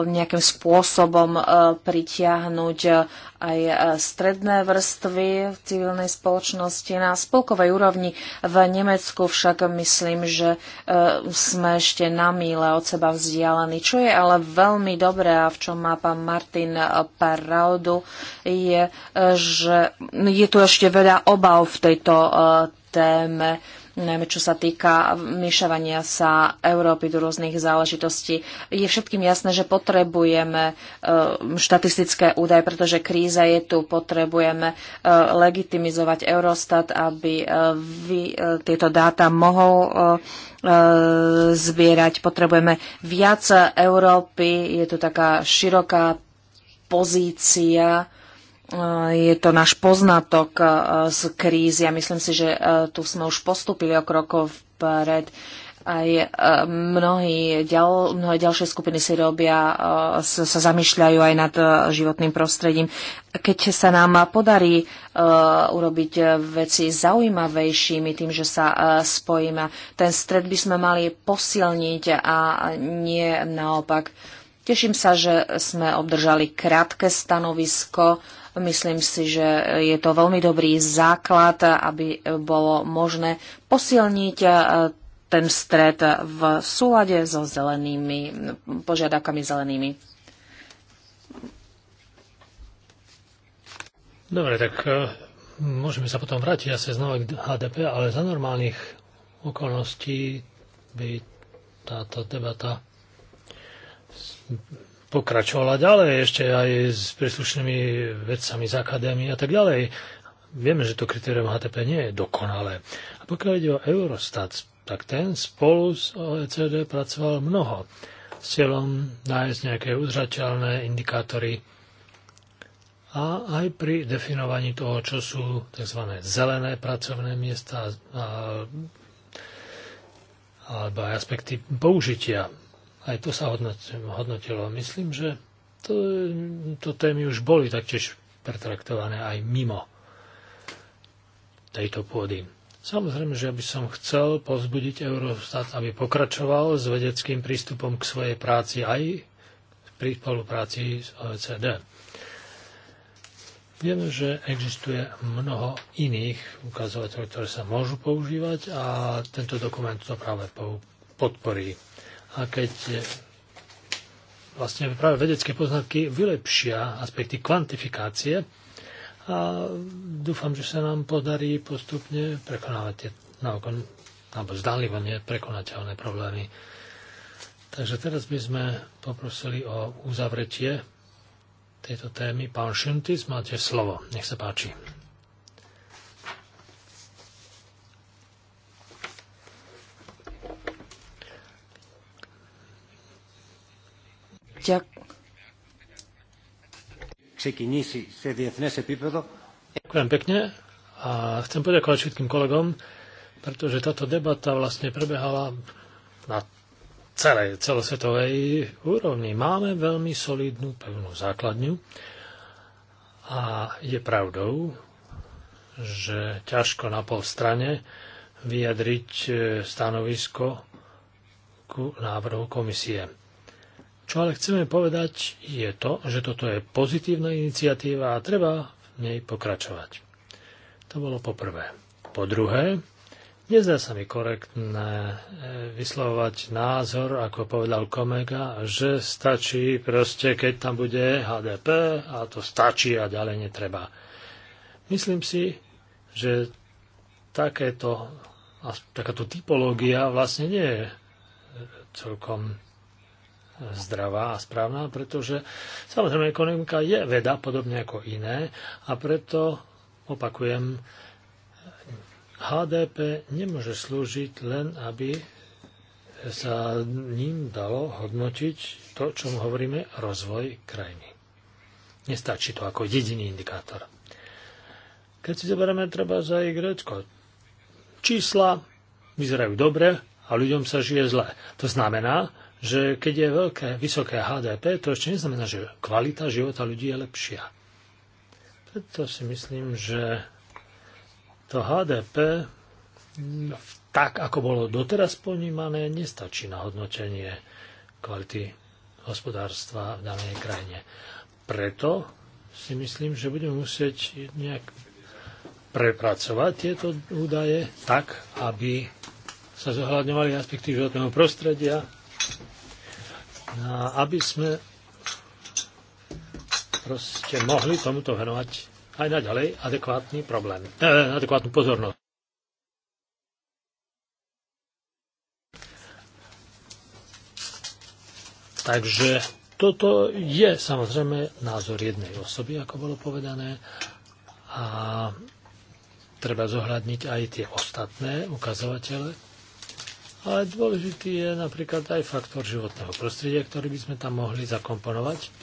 nejakým spôsobom eh, pritiahnuť eh, aj stredné vrstvy v civilnej spoločnosti. Na spolkovej úrovni v Nemecku však myslím, že sme ešte na míle od seba vzdialení. Čo je ale veľmi dobré a v čom má pán Martin pravdu, je, že je tu ešte veľa obav v tejto téme najmä čo sa týka myšavania sa Európy do rôznych záležitostí. Je všetkým jasné, že potrebujeme e, štatistické údaje, pretože kríza je tu, potrebujeme e, legitimizovať Eurostat, aby e, vy tieto dáta mohol zbierať. Potrebujeme viac Európy, je tu taká široká pozícia Eh, je to náš poznatok eh, z krízy a myslím si, že eh, tu sme už postupili o krokov vpred. Aj mnohí ďal, mnohé ďalšie skupiny si robia, sa, sa zamýšľajú aj nad životným prostredím. Keď sa nám podarí urobiť veci zaujímavejšími tým, že sa spojíme, ten stred by sme mali posilniť a nie naopak Teším sa, že sme obdržali krátke stanovisko. Myslím si, že je to veľmi dobrý základ, aby bolo možné posilniť e, ten stred v súlade so zelenými požiadavkami zelenými. Dobre, tak e, môžeme sa potom vrátiť asi znova k HDP, ale za normálnych okolností by táto debata pokračovala ďalej ešte aj s príslušnými vedcami z akadémie a tak ďalej. Vieme, že to kritérium HTP nie je dokonalé. A pokiaľ ide o Eurostat, tak ten spolu s OECD pracoval mnoho s cieľom nájsť nejaké uzrateľné indikátory a aj pri definovaní toho, čo sú tzv. zelené pracovné miesta a, alebo aj aspekty použitia aj to sa hodnotilo. Myslím, že to, to témy už boli taktiež pretraktované aj mimo tejto pôdy. Samozrejme, že by som chcel pozbudiť Eurostat, aby pokračoval s vedeckým prístupom k svojej práci aj pri spolupráci s OECD. Vieme, že existuje mnoho iných ukazovateľov, ktoré sa môžu používať a tento dokument to práve podporí. A keď e, vlastne práve vedecké poznatky vylepšia aspekty kvantifikácie a dúfam, že sa nám podarí postupne prekonávať tie naokon, alebo zdalivo neprekonateľné problémy. Takže teraz by sme poprosili o uzavretie tejto témy. Pán Šuntis, máte slovo. Nech sa páči. Ďakujem pekne a chcem poďakovať všetkým kolegom, pretože táto debata vlastne prebehala na celej celosvetovej úrovni. Máme veľmi solidnú pevnú základňu a je pravdou, že ťažko na pol strane vyjadriť e, stanovisko ku návrhu komisie. Čo ale chceme povedať je to, že toto je pozitívna iniciatíva a treba v nej pokračovať. To bolo poprvé. Po druhé, Nezdá sa mi korektné e, vyslovovať názor, ako povedal Komega, že stačí proste, keď tam bude HDP a to stačí a ďalej netreba. Myslím si, že takéto, takáto typológia vlastne nie je e, celkom zdravá a správna, pretože samozrejme ekonomika je veda, podobne ako iné, a preto opakujem, HDP nemôže slúžiť len, aby sa ním dalo hodnotiť to, čo hovoríme, rozvoj krajiny. Nestačí to ako jediný indikátor. Keď si zoberieme treba za aj Grécko, čísla vyzerajú dobre a ľuďom sa žije zle. To znamená, že keď je veľké, vysoké HDP, to ešte neznamená, že kvalita života ľudí je lepšia. Preto si myslím, že to HDP tak, ako bolo doteraz ponímané, nestačí na hodnotenie kvality hospodárstva v danej krajine. Preto si myslím, že budeme musieť nejak prepracovať tieto údaje tak, aby sa zohľadňovali aspekty životného prostredia, No a aby sme proste mohli tomuto venovať aj naďalej adekvátny problém, eh, adekvátnu pozornosť. Takže toto je samozrejme názor jednej osoby, ako bolo povedané, a treba zohľadniť aj tie ostatné ukazovatele, ale dôležitý je napríklad aj faktor životného prostredia, ktorý by sme tam mohli zakomponovať.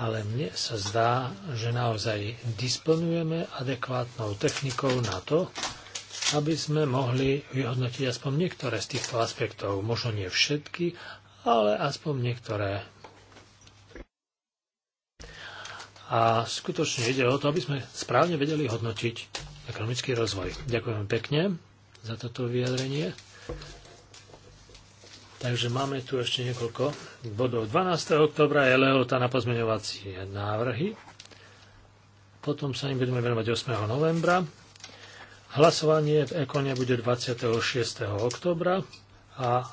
Ale mne sa zdá, že naozaj disponujeme adekvátnou technikou na to, aby sme mohli vyhodnotiť aspoň niektoré z týchto aspektov. Možno nie všetky, ale aspoň niektoré. A skutočne ide o to, aby sme správne vedeli hodnotiť ekonomický rozvoj. Ďakujem pekne za toto vyjadrenie. Takže máme tu ešte niekoľko bodov. 12. oktobra je lehota na pozmeňovacie návrhy. Potom sa im budeme venovať 8. novembra. Hlasovanie v Ekone bude 26. oktobra a,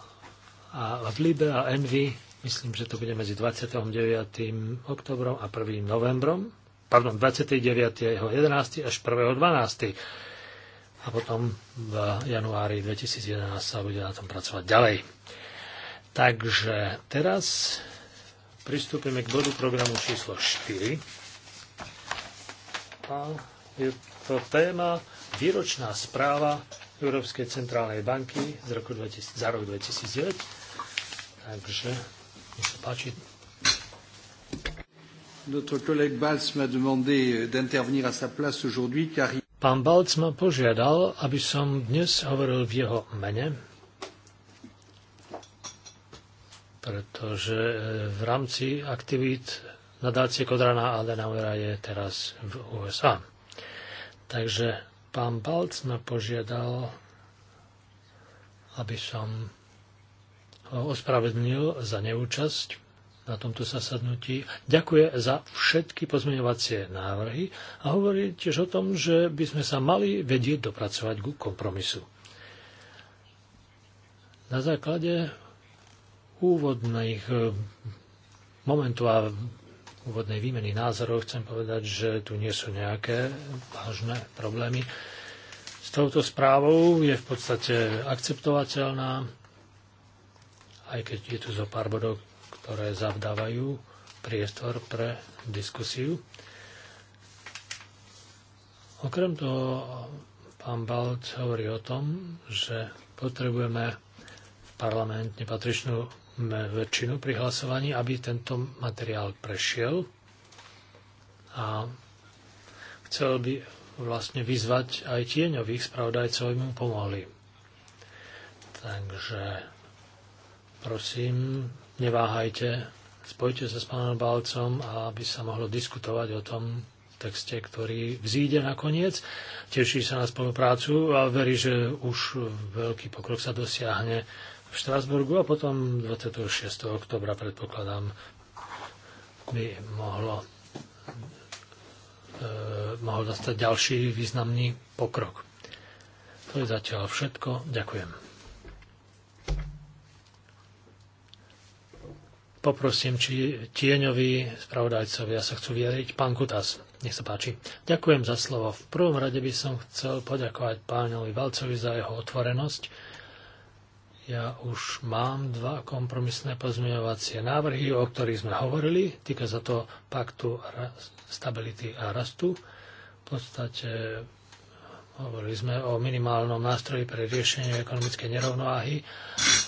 a v Libe a Envy myslím, že to bude medzi 29. oktobrom a 1. novembrom. Pardon, 29. 11. až 1. 12. A potom v januári 2011 sa bude na tom pracovať ďalej. Takže teraz pristúpime k bodu programu číslo 4. A je to téma Výročná správa Európskej centrálnej banky z roku 2000, za rok 2009. Takže, mi sa páči. Notre collègue Balz m'a demandé d'intervenir à sa place aujourd'hui, car... Pán Balc ma požiadal, aby som dnes hovoril v jeho mene, pretože e, v rámci aktivít nadácie Kodrana Adenauera je teraz v USA. Takže pán Balc ma požiadal, aby som ho ospravedlnil za neúčasť na tomto zasadnutí. Ďakuje za všetky pozmeňovacie návrhy a hovorí tiež o tom, že by sme sa mali vedieť dopracovať ku kompromisu. Na základe úvodných e, momentov a úvodnej výmeny názorov chcem povedať, že tu nie sú nejaké vážne problémy. S touto správou je v podstate akceptovateľná, aj keď je tu zo pár bodov, ktoré zavdávajú priestor pre diskusiu. Okrem toho, pán Balc hovorí o tom, že potrebujeme v parlamentne patričnú väčšinu pri hlasovaní, aby tento materiál prešiel. A chcel by vlastne vyzvať aj tieňových spravodajcov, aby mu pomohli. Takže prosím, neváhajte, spojte sa s pánom Balcom, aby sa mohlo diskutovať o tom texte, ktorý vzíde nakoniec. Teší sa na spoluprácu a verí, že už veľký pokrok sa dosiahne v Štrásburgu a potom 26. oktobra predpokladám by mohlo e, mohol dostať ďalší významný pokrok. To je zatiaľ všetko. Ďakujem. Poprosím, či tieňoví spravodajcovia sa chcú vyjadriť. Pán Kutas, nech sa páči. Ďakujem za slovo. V prvom rade by som chcel poďakovať pánovi Valcovi za jeho otvorenosť ja už mám dva kompromisné pozmeňovacie návrhy, o ktorých sme hovorili. Týka sa to paktu stability a rastu. V podstate eh, hovorili sme o minimálnom nástroji pre riešenie ekonomickej nerovnováhy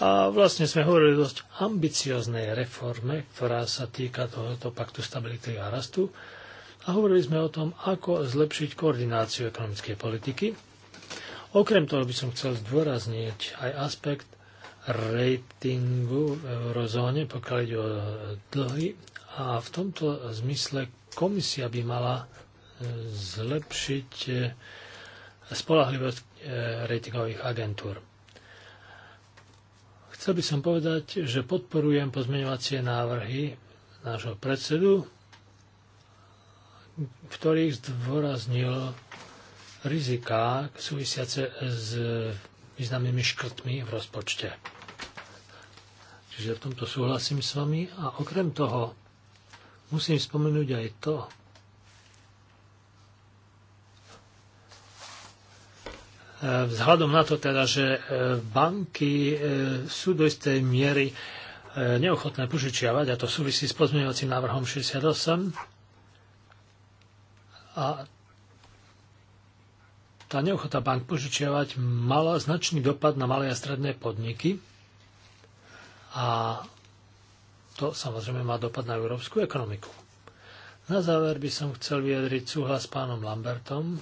a vlastne sme hovorili o dosť ambicioznej reforme, ktorá sa týka tohoto paktu stability a rastu. A hovorili sme o tom, ako zlepšiť koordináciu ekonomickej politiky Okrem toho by som chcel zdôrazniť aj aspekt, ratingu v eurozóne, pokiaľ ide o dlhy. A v tomto zmysle komisia by mala e, zlepšiť e, spolahlivosť e, ratingových agentúr. Chcel by som povedať, že podporujem pozmeňovacie návrhy nášho predsedu, v ktorých zdôraznil riziká súvisiace s významnými škrtmi v rozpočte. Čiže v tomto súhlasím s vami a okrem toho musím spomenúť aj to, e, Vzhľadom na to teda, že e, banky e, sú do istej miery neochotné požičiavať, a to súvisí s pozmeňovacím návrhom 68, a tá neochota bank požičiavať mala značný dopad na malé a stredné podniky, a to samozrejme má dopad na európsku ekonomiku. Na záver by som chcel vyjadriť súhlas s pánom Lambertom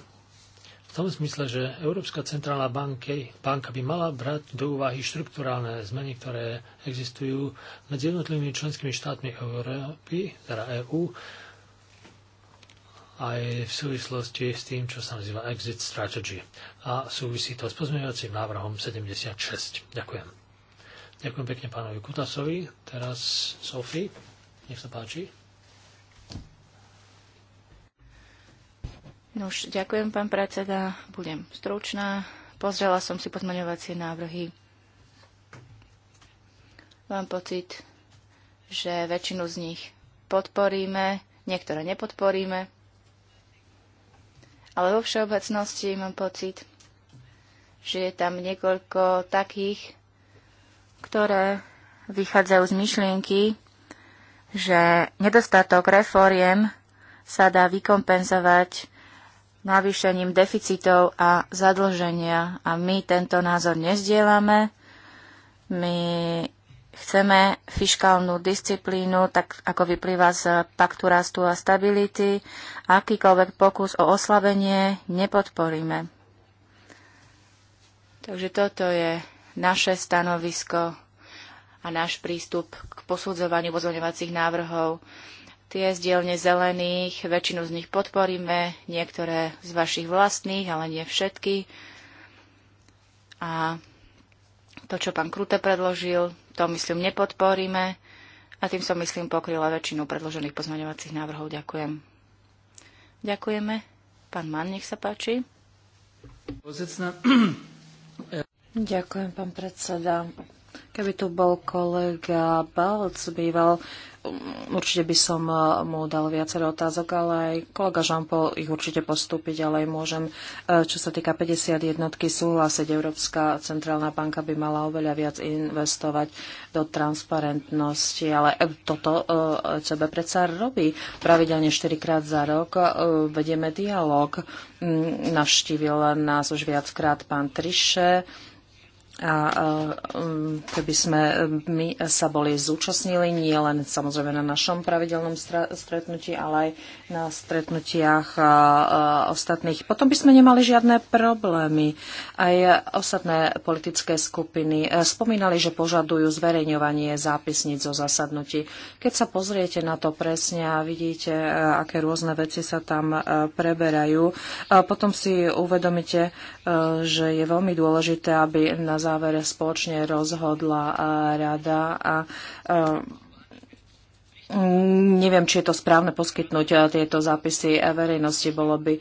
v tom smysle, že Európska centrálna banka, banka by mala brať do úvahy štruktúrálne zmeny, ktoré existujú medzi jednotlivými členskými štátmi Európy, teda EÚ, aj v súvislosti s tým, čo sa nazýva Exit Strategy. A súvisí to s pozmeňovacím návrhom 76. Ďakujem. Ďakujem pekne pánovi Kutasovi. Teraz Sofi, nech sa páči. už, ďakujem, pán predseda. Budem stručná. Pozrela som si pozmaňovacie návrhy. Mám pocit, že väčšinu z nich podporíme, niektoré nepodporíme. Ale vo všeobecnosti mám pocit, že je tam niekoľko takých, ktoré vychádzajú z myšlienky, že nedostatok reforiem sa dá vykompenzovať navýšením deficitov a zadlženia. A my tento názor nezdielame. My chceme fiškálnu disciplínu, tak ako vyplýva z paktu rastu a stability. Akýkoľvek pokus o oslabenie nepodporíme. Takže toto je naše stanovisko a náš prístup k posudzovaniu pozvoňovacích návrhov. Tie z dielne zelených, väčšinu z nich podporíme, niektoré z vašich vlastných, ale nie všetky. A to, čo pán Krute predložil, to myslím nepodporíme. A tým som myslím pokryla väčšinu predložených pozmeňovacích návrhov. Ďakujem. Ďakujeme. Pán Mann, nech sa páči. [clears throat] Ďakujem, pán predseda. Keby tu bol kolega Balc, býval, um, určite by som uh, mu dal viacero otázok, ale aj kolega Žampo ich určite postúpiť, ale aj môžem, uh, čo sa týka 50 jednotky, súhlasiť. Európska centrálna banka by mala oveľa viac investovať do transparentnosti, ale uh, toto CB predsa robí. Pravidelne 4 krát za rok vedieme dialog. Mm, navštívil nás už viackrát pán Triše, a um, keby sme um, my sa boli zúčastnili, nie len samozrejme na našom pravidelnom stretnutí, ale aj na stretnutiach ostatných. Potom by sme nemali žiadne problémy. Aj ostatné politické skupiny e, spomínali, že požadujú zverejňovanie zápisníc zo zasadnutí. Keď sa pozriete na to presne a vidíte, e, aké rôzne veci sa tam e, preberajú, potom si uvedomíte, že je veľmi dôležité, aby na závere spoločne rozhodla eh, rada a eh, Neviem, či je to správne poskytnúť eh, tieto zápisy verejnosti. Bolo by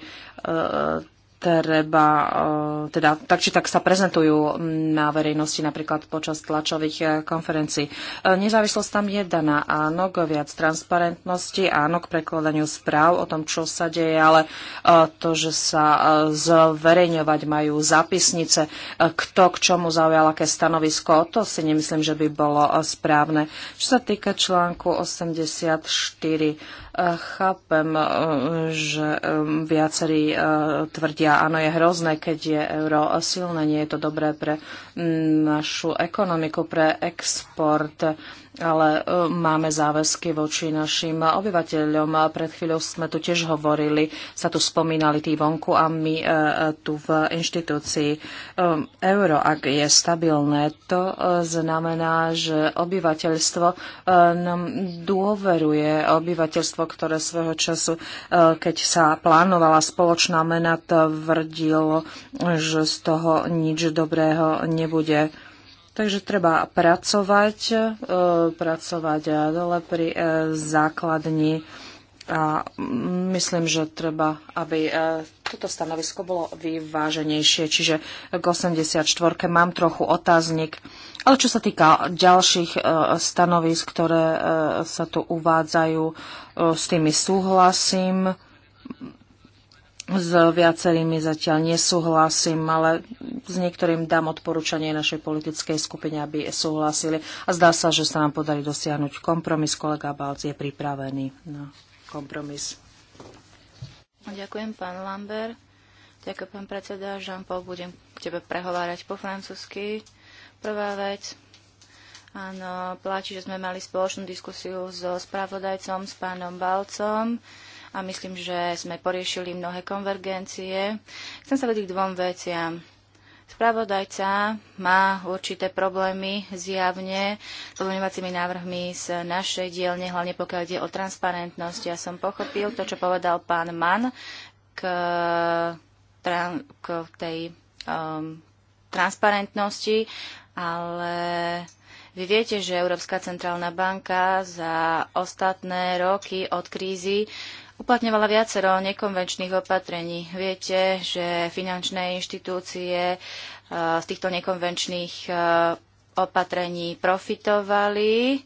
treba, eh, teda tak či tak sa prezentujú na verejnosti napríklad počas tlačových eh, konferencií. Eh, nezávislosť tam je daná áno k viac transparentnosti, áno k prekladaniu správ o tom, čo sa deje, ale to, že sa zverejňovať majú zápisnice, kto k čomu zaujal aké stanovisko, to si nemyslím, že by bolo správne. Čo sa týka článku 84, Chápem, eh, že eh, viacerí eh, tvrdia, áno, je hrozné, keď je euro silné, nie je to dobré pre mm, našu ekonomiku, pre export ale e, máme záväzky voči našim obyvateľom. Pred chvíľou sme tu tiež hovorili, sa tu spomínali tí vonku a my e, e, tu v inštitúcii. Euro, ak je stabilné, to znamená, že obyvateľstvo nám dôveruje. Obyvateľstvo, ktoré svojho času, keď sa plánovala spoločná mena, tvrdilo, že z toho nič dobrého nebude. Takže treba pracovať, e, pracovať dole e, pri e, základni a myslím, že treba, aby toto stanovisko bolo vyváženejšie, čiže k 84. mám trochu otáznik. Ale čo sa týka ďalších stanovisk, ktoré sa tu uvádzajú, s tými súhlasím s viacerými zatiaľ nesúhlasím, ale s niektorým dám odporúčanie našej politickej skupine, aby súhlasili. A zdá sa, že sa nám podarí dosiahnuť kompromis. Kolega Balc je pripravený na kompromis. Ďakujem, pán Lambert. Ďakujem, pán predseda. Jean-Paul, budem k tebe prehovárať po francúzsky. Prvá vec, áno, pláči, že sme mali spoločnú diskusiu so spravodajcom, s pánom Balcom a myslím, že sme poriešili mnohé konvergencie. Chcem sa vedieť k dvom veciam. Spravodajca má určité problémy zjavne s pozmeňovacími návrhmi z našej dielne, hlavne pokiaľ ide o transparentnosť. Ja som pochopil to, čo povedal pán Mann k, k tej um, transparentnosti, ale vy viete, že Európska centrálna banka za ostatné roky od krízy uplatňovala viacero nekonvenčných opatrení. Viete, že finančné inštitúcie e, z týchto nekonvenčných e, opatrení profitovali.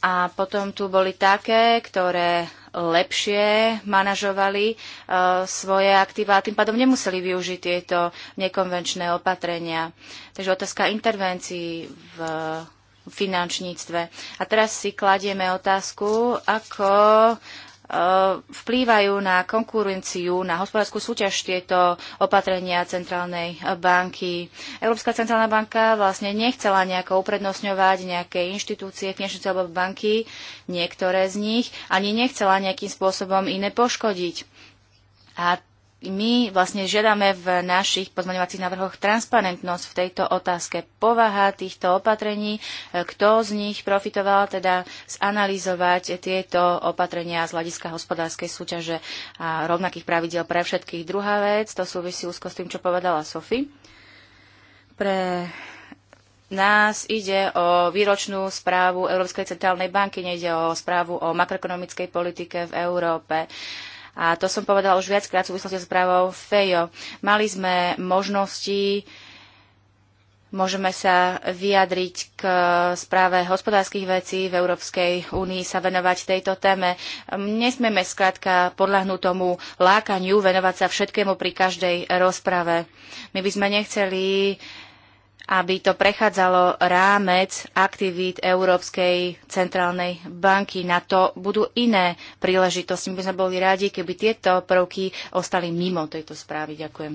A potom tu boli také, ktoré lepšie manažovali uh, svoje aktíva a tým pádom nemuseli využiť tieto nekonvenčné opatrenia. Takže otázka intervencií v finančníctve. A teraz si kladieme otázku, ako e, vplývajú na konkurenciu, na hospodárskú súťaž tieto opatrenia Centrálnej banky. Európska Centrálna banka vlastne nechcela nejako uprednostňovať nejaké inštitúcie, finančné alebo banky, niektoré z nich, ani nechcela nejakým spôsobom iné poškodiť. A my vlastne žiadame v našich pozmaňovacích návrhoch transparentnosť v tejto otázke. Povaha týchto opatrení, e, kto z nich profitoval, teda zanalizovať tieto opatrenia z hľadiska hospodárskej súťaže a rovnakých pravidel pre všetkých. Druhá vec, to súvisí úzko s tým, čo povedala Sofi. Pre nás ide o výročnú správu Európskej centrálnej banky, nejde o správu o makroekonomickej politike v Európe. Uh, a to som povedal už viackrát v súvislosti s právou FEJO. Mali sme možnosti, môžeme sa vyjadriť k správe hospodárskych vecí v Európskej únii, sa venovať tejto téme. Nesmieme skrátka podľahnúť tomu lákaniu, venovať sa všetkému pri každej rozprave. My by sme nechceli uh, aby to prechádzalo rámec aktivít Európskej centrálnej banky. Na to budú iné príležitosti. My by sme boli rádi, keby tieto prvky ostali mimo tejto správy. Ďakujem.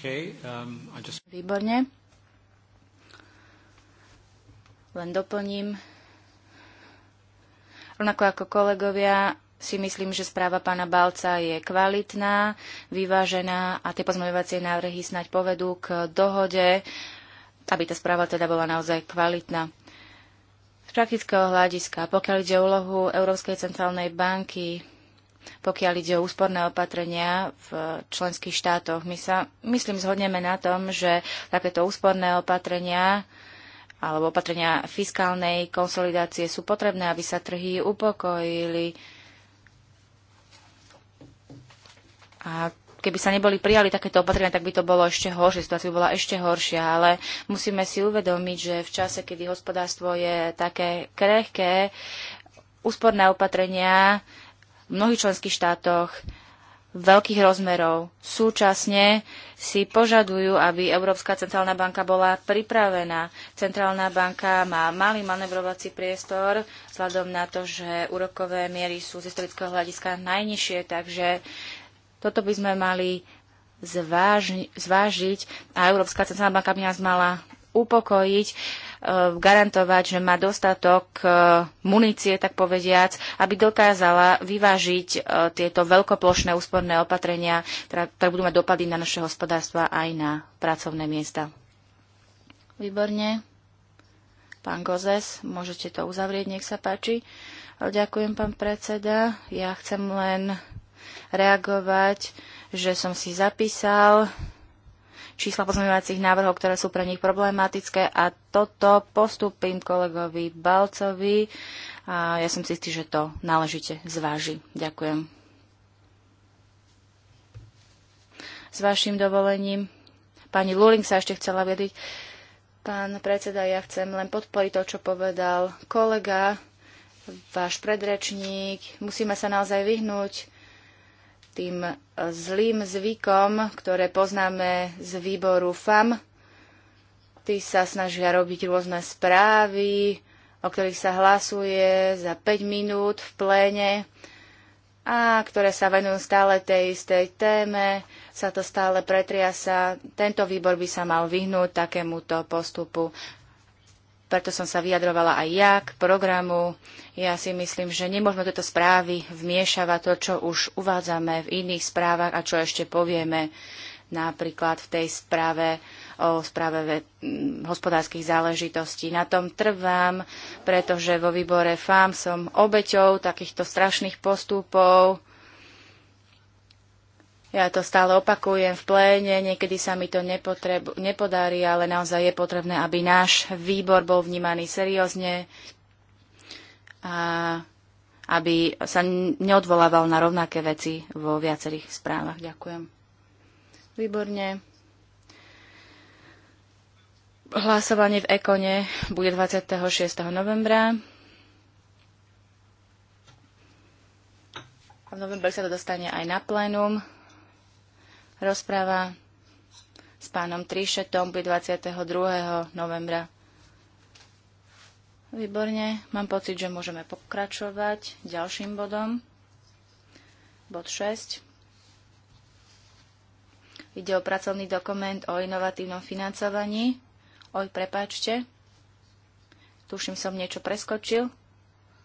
Okay, um, just... Výborne. Len doplním. Rovnako ako kolegovia, si myslím, že správa pána Balca je kvalitná, vyvážená a tie pozmeňovacie návrhy snať povedú k dohode, aby tá správa teda bola naozaj kvalitná. Z praktického hľadiska, pokiaľ ide o úlohu Európskej centrálnej banky, pokiaľ ide o úsporné opatrenia v členských štátoch, my sa, myslím, zhodneme na tom, že takéto úsporné opatrenia alebo opatrenia fiskálnej konsolidácie sú potrebné, aby sa trhy upokojili A keby sa neboli prijali takéto opatrenia, tak by to bolo ešte horšie, situácia by bola ešte horšia, ale musíme si uvedomiť, že v čase, kedy hospodárstvo je také krehké, úsporné opatrenia v mnohých členských štátoch veľkých rozmerov. Súčasne si požadujú, aby Európska centrálna banka bola pripravená. Centrálna banka má malý manevrovací priestor, vzhľadom na to, že úrokové miery sú z historického hľadiska najnižšie, takže toto by sme mali zváži- zvážiť a Európska centrálna banka by nás mala upokojiť, e, garantovať, že má dostatok e, munície, tak povediac, aby dokázala vyvážiť e, tieto veľkoplošné úsporné opatrenia, ktoré budú mať dopady na naše hospodárstva aj na pracovné miesta. Výborne. Pán Gozes, môžete to uzavrieť, nech sa páči. Ďakujem, pán predseda. Ja chcem len reagovať, že som si zapísal čísla pozmeňovacích návrhov, ktoré sú pre nich problematické a toto postupím kolegovi Balcovi a ja som si istý, že to náležite zváži. Ďakujem. S vašim dovolením. Pani Luling sa ešte chcela vedieť. Pán predseda, ja chcem len podporiť to, čo povedal kolega, váš predrečník. Musíme sa naozaj vyhnúť tým zlým zvykom, ktoré poznáme z výboru FAM. Tí sa snažia robiť rôzne správy, o ktorých sa hlasuje za 5 minút v pléne a ktoré sa venujú stále tej istej téme, sa to stále pretriasa. Tento výbor by sa mal vyhnúť takémuto postupu preto som sa vyjadrovala aj ja k programu. Ja si myslím, že nemôžeme tieto správy vmiešavať to, čo už uvádzame v iných správach a čo ešte povieme napríklad v tej správe o správe hospodárskych záležitostí. Na tom trvám, pretože vo výbore FAM som obeťou takýchto strašných postupov ja to stále opakujem v pléne, niekedy sa mi to nepodarí, ale naozaj je potrebné, aby náš výbor bol vnímaný seriózne a aby sa neodvolával na rovnaké veci vo viacerých správach. Ďakujem. Výborne. Hlasovanie v Ekone bude 26. novembra. V novembri sa to dostane aj na plénum rozpráva s pánom Trišetom 22. novembra. Výborne, mám pocit, že môžeme pokračovať ďalším bodom. Bod 6. Ide o pracovný dokument o inovatívnom financovaní. Oj, prepáčte. Tuším, som niečo preskočil.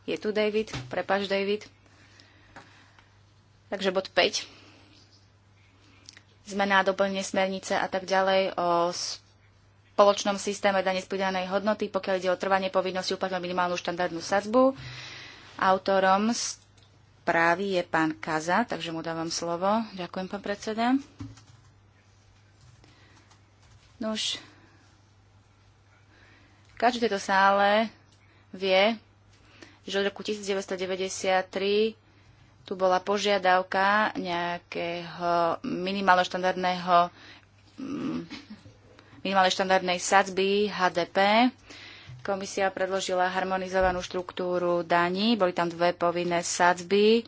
Je tu David. Prepač, David. Takže bod 5 zmena a doplnenie smernice a tak ďalej o spoločnom systéme dane z pridanej hodnoty, pokiaľ ide o trvanie povinnosti uplatňovať minimálnu štandardnú sadzbu. Autorom správy je pán Kaza, takže mu dávam slovo. Ďakujem, pán predseda. Nuž, každý v tejto sále vie, že od roku 1993 tu bola požiadavka nejakého minimálne štandardného mm, minimálne štandardnej sadzby HDP. Komisia predložila harmonizovanú štruktúru daní, boli tam dve povinné sadzby,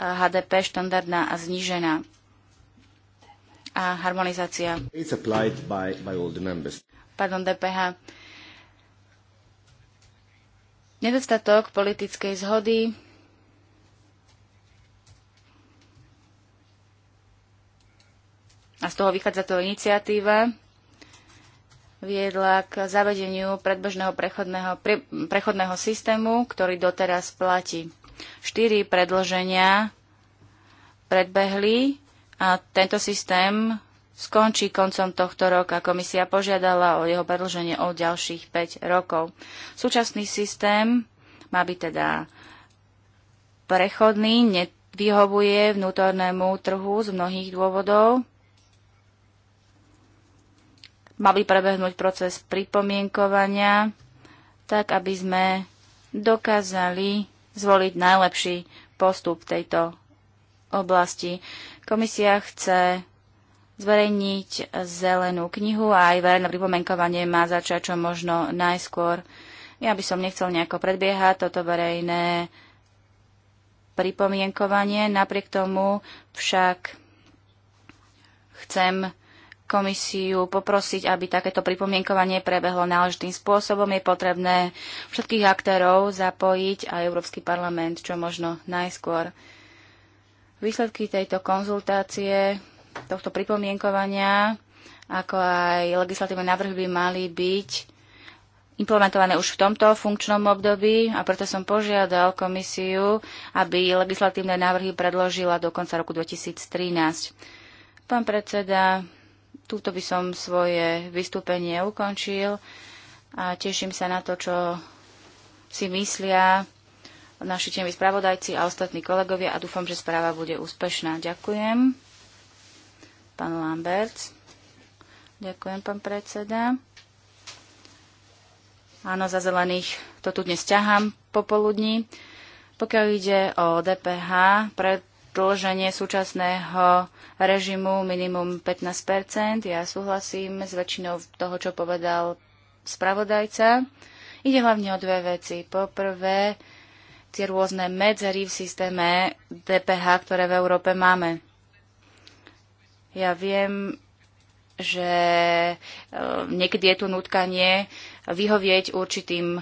HDP štandardná a znížená a harmonizácia. By, by Pardon, DPH. Nedostatok politickej zhody a z toho vychádza to iniciatíva, viedla k zavedeniu predbežného prechodného, pre, prechodného systému, ktorý doteraz platí. Štyri predloženia predbehli a tento systém skončí koncom tohto roka. Komisia požiadala o jeho predlženie o ďalších 5 rokov. Súčasný systém má byť teda prechodný, nevyhovuje vnútornému trhu z mnohých dôvodov mal by prebehnúť proces pripomienkovania, tak aby sme dokázali zvoliť najlepší postup v tejto oblasti. Komisia chce zverejniť zelenú knihu a aj verejné pripomenkovanie má začať čo možno najskôr. Ja by som nechcel nejako predbiehať toto verejné pripomienkovanie. Napriek tomu však chcem komisiu poprosiť, aby takéto pripomienkovanie prebehlo náležitým spôsobom. Je potrebné všetkých aktérov zapojiť a Európsky parlament čo možno najskôr. Výsledky tejto konzultácie, tohto pripomienkovania, ako aj legislatívne návrhy by mali byť implementované už v tomto funkčnom období a preto som požiadal komisiu, aby legislatívne návrhy predložila do konca roku 2013. Pán predseda, Túto by som svoje vystúpenie ukončil a teším sa na to, čo si myslia naši temi spravodajci a ostatní kolegovia a dúfam, že správa bude úspešná. Ďakujem. Pán Lambert. Ďakujem, pán predseda. Áno, za zelených to tu dnes ťahám popoludní. Pokiaľ ide o DPH, pred dlženie súčasného režimu minimum 15 Ja súhlasím s väčšinou toho, čo povedal spravodajca. Ide hlavne o dve veci. Poprvé, tie rôzne medzery v systéme DPH, ktoré v Európe máme. Ja viem, že e, niekedy je tu nutkanie vyhovieť určitým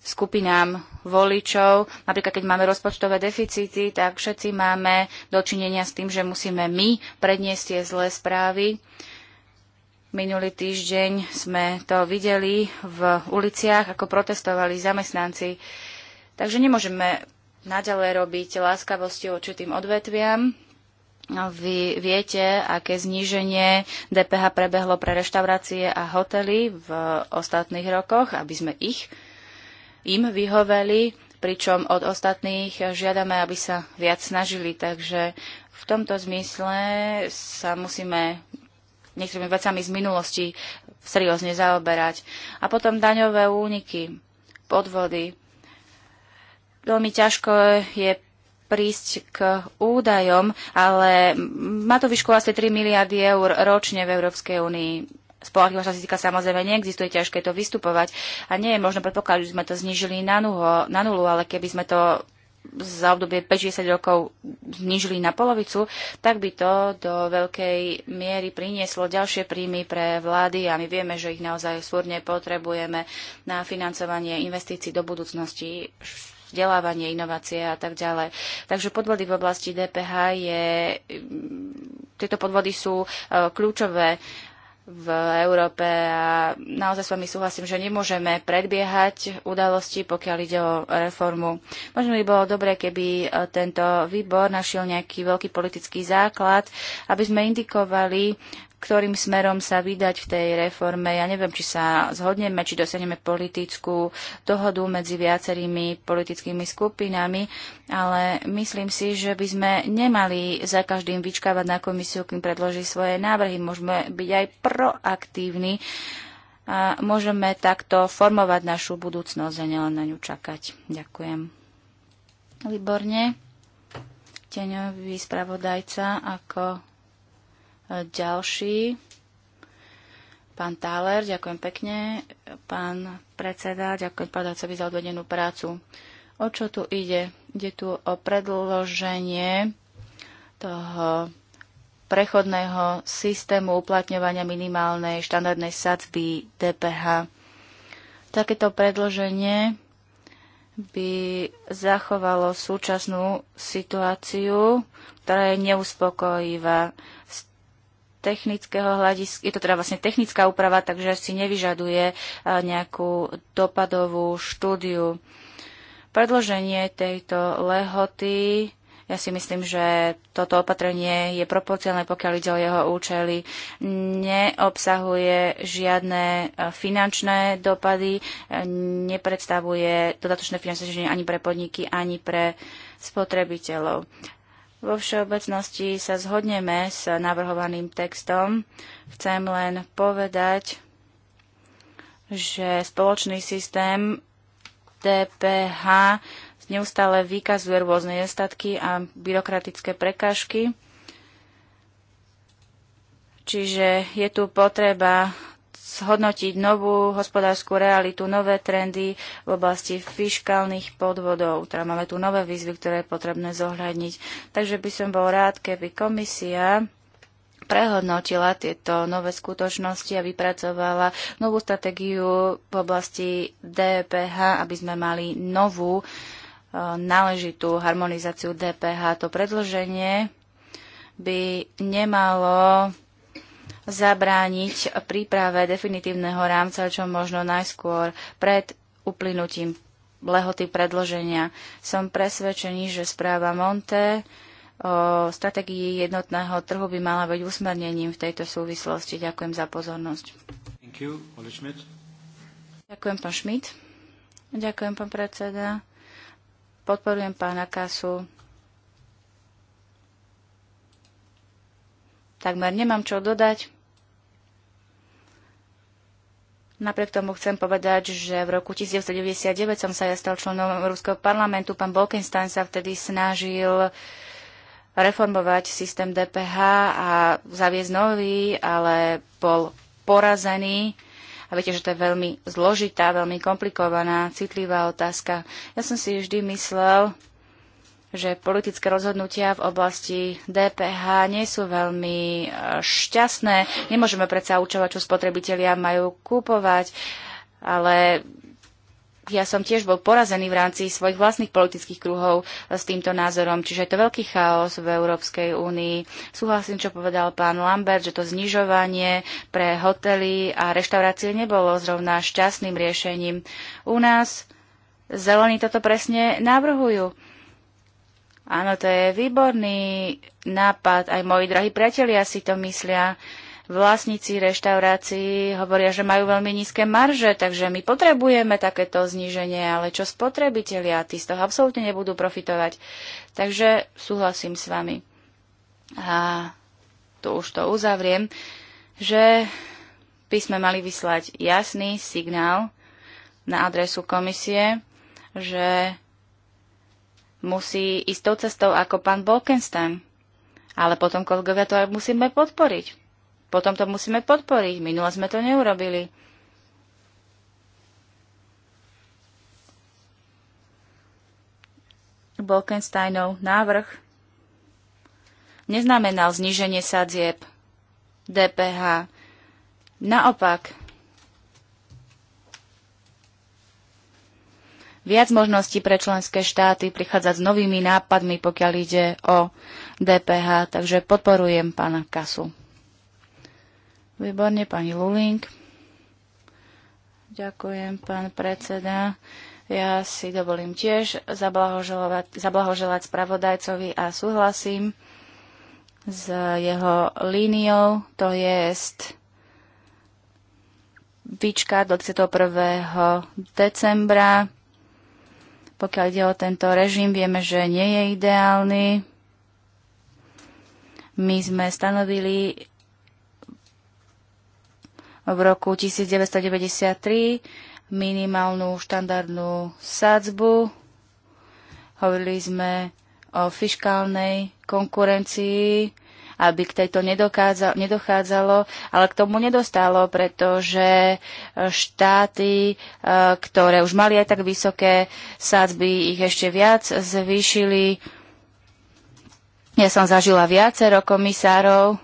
skupinám voličov. Napríklad, keď máme rozpočtové deficity, tak všetci máme dočinenia s tým, že musíme my predniesť tie zlé správy. Minulý týždeň sme to videli v uliciach, ako protestovali zamestnanci. Takže nemôžeme naďalej robiť láskavosti určitým odvetviam. No, vy viete, aké zníženie DPH prebehlo pre reštaurácie a hotely v ostatných rokoch, aby sme ich im vyhoveli, pričom od ostatných žiadame, aby sa viac snažili. Takže v tomto zmysle sa musíme niektorými vecami z minulosti seriózne zaoberať. A potom daňové úniky, podvody. Veľmi ťažko je prísť k údajom, ale má to vyškola asi 3 miliardy eur ročne v Európskej únii spolahlivá štatistika samozrejme neexistuje, ťažké to vystupovať a nie je možno predpokladať, že sme to znižili na, nuho, na nulu, ale keby sme to za obdobie 50 rokov znižili na polovicu, tak by to do veľkej miery prinieslo ďalšie príjmy pre vlády a my vieme, že ich naozaj súrne potrebujeme na financovanie investícií do budúcnosti vzdelávanie, inovácie a tak ďalej. Takže podvody v oblasti DPH je, mm, tieto podvody sú e, kľúčové v Európe a naozaj s vami súhlasím, že nemôžeme predbiehať udalosti, pokiaľ ide o reformu. Možno by bolo dobre, keby e, tento výbor našiel nejaký veľký politický základ, aby sme indikovali, ktorým smerom sa vydať v tej reforme. Ja neviem, či sa zhodneme, či dosiahneme politickú dohodu medzi viacerými politickými skupinami, ale myslím si, že by sme nemali za každým vyčkávať na komisiu, kým predloží svoje návrhy. Môžeme byť aj proaktívni a môžeme takto formovať našu budúcnosť a nielen na ňu čakať. Ďakujem. Výborne. Teňový spravodajca ako ďalší. Pán Táler, ďakujem pekne. Pán predseda, ďakujem pádacovi za odvedenú prácu. O čo tu ide? Ide tu o predloženie toho prechodného systému uplatňovania minimálnej štandardnej sadzby DPH. Takéto predloženie by zachovalo súčasnú situáciu, ktorá je neuspokojivá technického hľadiska, je to teda vlastne technická úprava, takže si nevyžaduje eh, nejakú dopadovú štúdiu. Predloženie tejto lehoty ja si myslím, že toto opatrenie je proporcionálne, pokiaľ ide o jeho účely. Neobsahuje žiadne eh, finančné dopady, eh, nepredstavuje dodatočné finančné ani pre podniky, ani pre spotrebiteľov. Vo všeobecnosti sa zhodneme s navrhovaným textom. Chcem len povedať, že spoločný systém DPH neustále vykazuje rôzne nedostatky a byrokratické prekážky. Čiže je tu potreba zhodnotiť novú hospodárskú realitu, nové trendy v oblasti fiškálnych podvodov. Teda máme tu nové výzvy, ktoré je potrebné zohľadniť. Takže by som bol rád, keby komisia prehodnotila tieto nové skutočnosti a vypracovala novú stratégiu v oblasti DPH, aby sme mali novú e, náležitú harmonizáciu DPH. To predloženie by nemalo zabrániť príprave definitívneho rámca čo možno najskôr pred uplynutím lehoty predloženia. Som presvedčený, že správa Monte o strategii jednotného trhu by mala byť usmernením v tejto súvislosti. Ďakujem za pozornosť. You, Ďakujem, pán Schmidt. Ďakujem, pán predseda. Podporujem pána Kasu takmer nemám čo dodať. Napriek tomu chcem povedať, že v roku 1999 som sa ja stal členom Európskeho parlamentu. Pán Bolkenstein sa vtedy snažil reformovať systém DPH a zaviesť nový, ale bol porazený. A viete, že to je veľmi zložitá, veľmi komplikovaná, citlivá otázka. Ja som si vždy myslel, že politické rozhodnutia v oblasti DPH nie sú veľmi eh, šťastné. Nemôžeme predsa učovať, čo spotrebitelia majú kúpovať, ale ja som tiež bol porazený v rámci svojich vlastných politických kruhov eh, s týmto názorom, čiže je to veľký chaos v Európskej únii. Súhlasím, čo povedal pán Lambert, že to znižovanie pre hotely a reštaurácie nebolo zrovna šťastným riešením. U nás zelení toto presne navrhujú Áno, to je výborný nápad. Aj moji drahí priatelia si to myslia. Vlastníci reštaurácií hovoria, že majú veľmi nízke marže, takže my potrebujeme takéto zníženie, ale čo spotrebitelia, tí z toho absolútne nebudú profitovať. Takže súhlasím s vami. A tu už to uzavriem, že by sme mali vyslať jasný signál na adresu komisie, že musí ísť tou cestou ako pán Bolkenstein. Ale potom, kolegovia, to aj musíme podporiť. Potom to musíme podporiť. Minule sme to neurobili. Bolkensteinov návrh neznamenal zníženie sadzieb DPH. Naopak, viac možností pre členské štáty prichádzať s novými nápadmi, pokiaľ ide o DPH. Takže podporujem pána Kasu. Výborne, pani Luling. Ďakujem, pán predseda. Ja si dovolím tiež zablahoželať, spravodajcovi a súhlasím s jeho líniou, to je vyčkať do 31. decembra pokiaľ ide o tento režim, vieme, že nie je ideálny. My sme stanovili v roku 1993 minimálnu štandardnú sádzbu. Hovorili sme o fiškálnej konkurencii aby k tejto nedochádzalo, ale k tomu nedostalo, pretože e, štáty, e, ktoré už mali aj tak vysoké sádzby, ich ešte viac zvýšili. Ja som zažila viacero komisárov,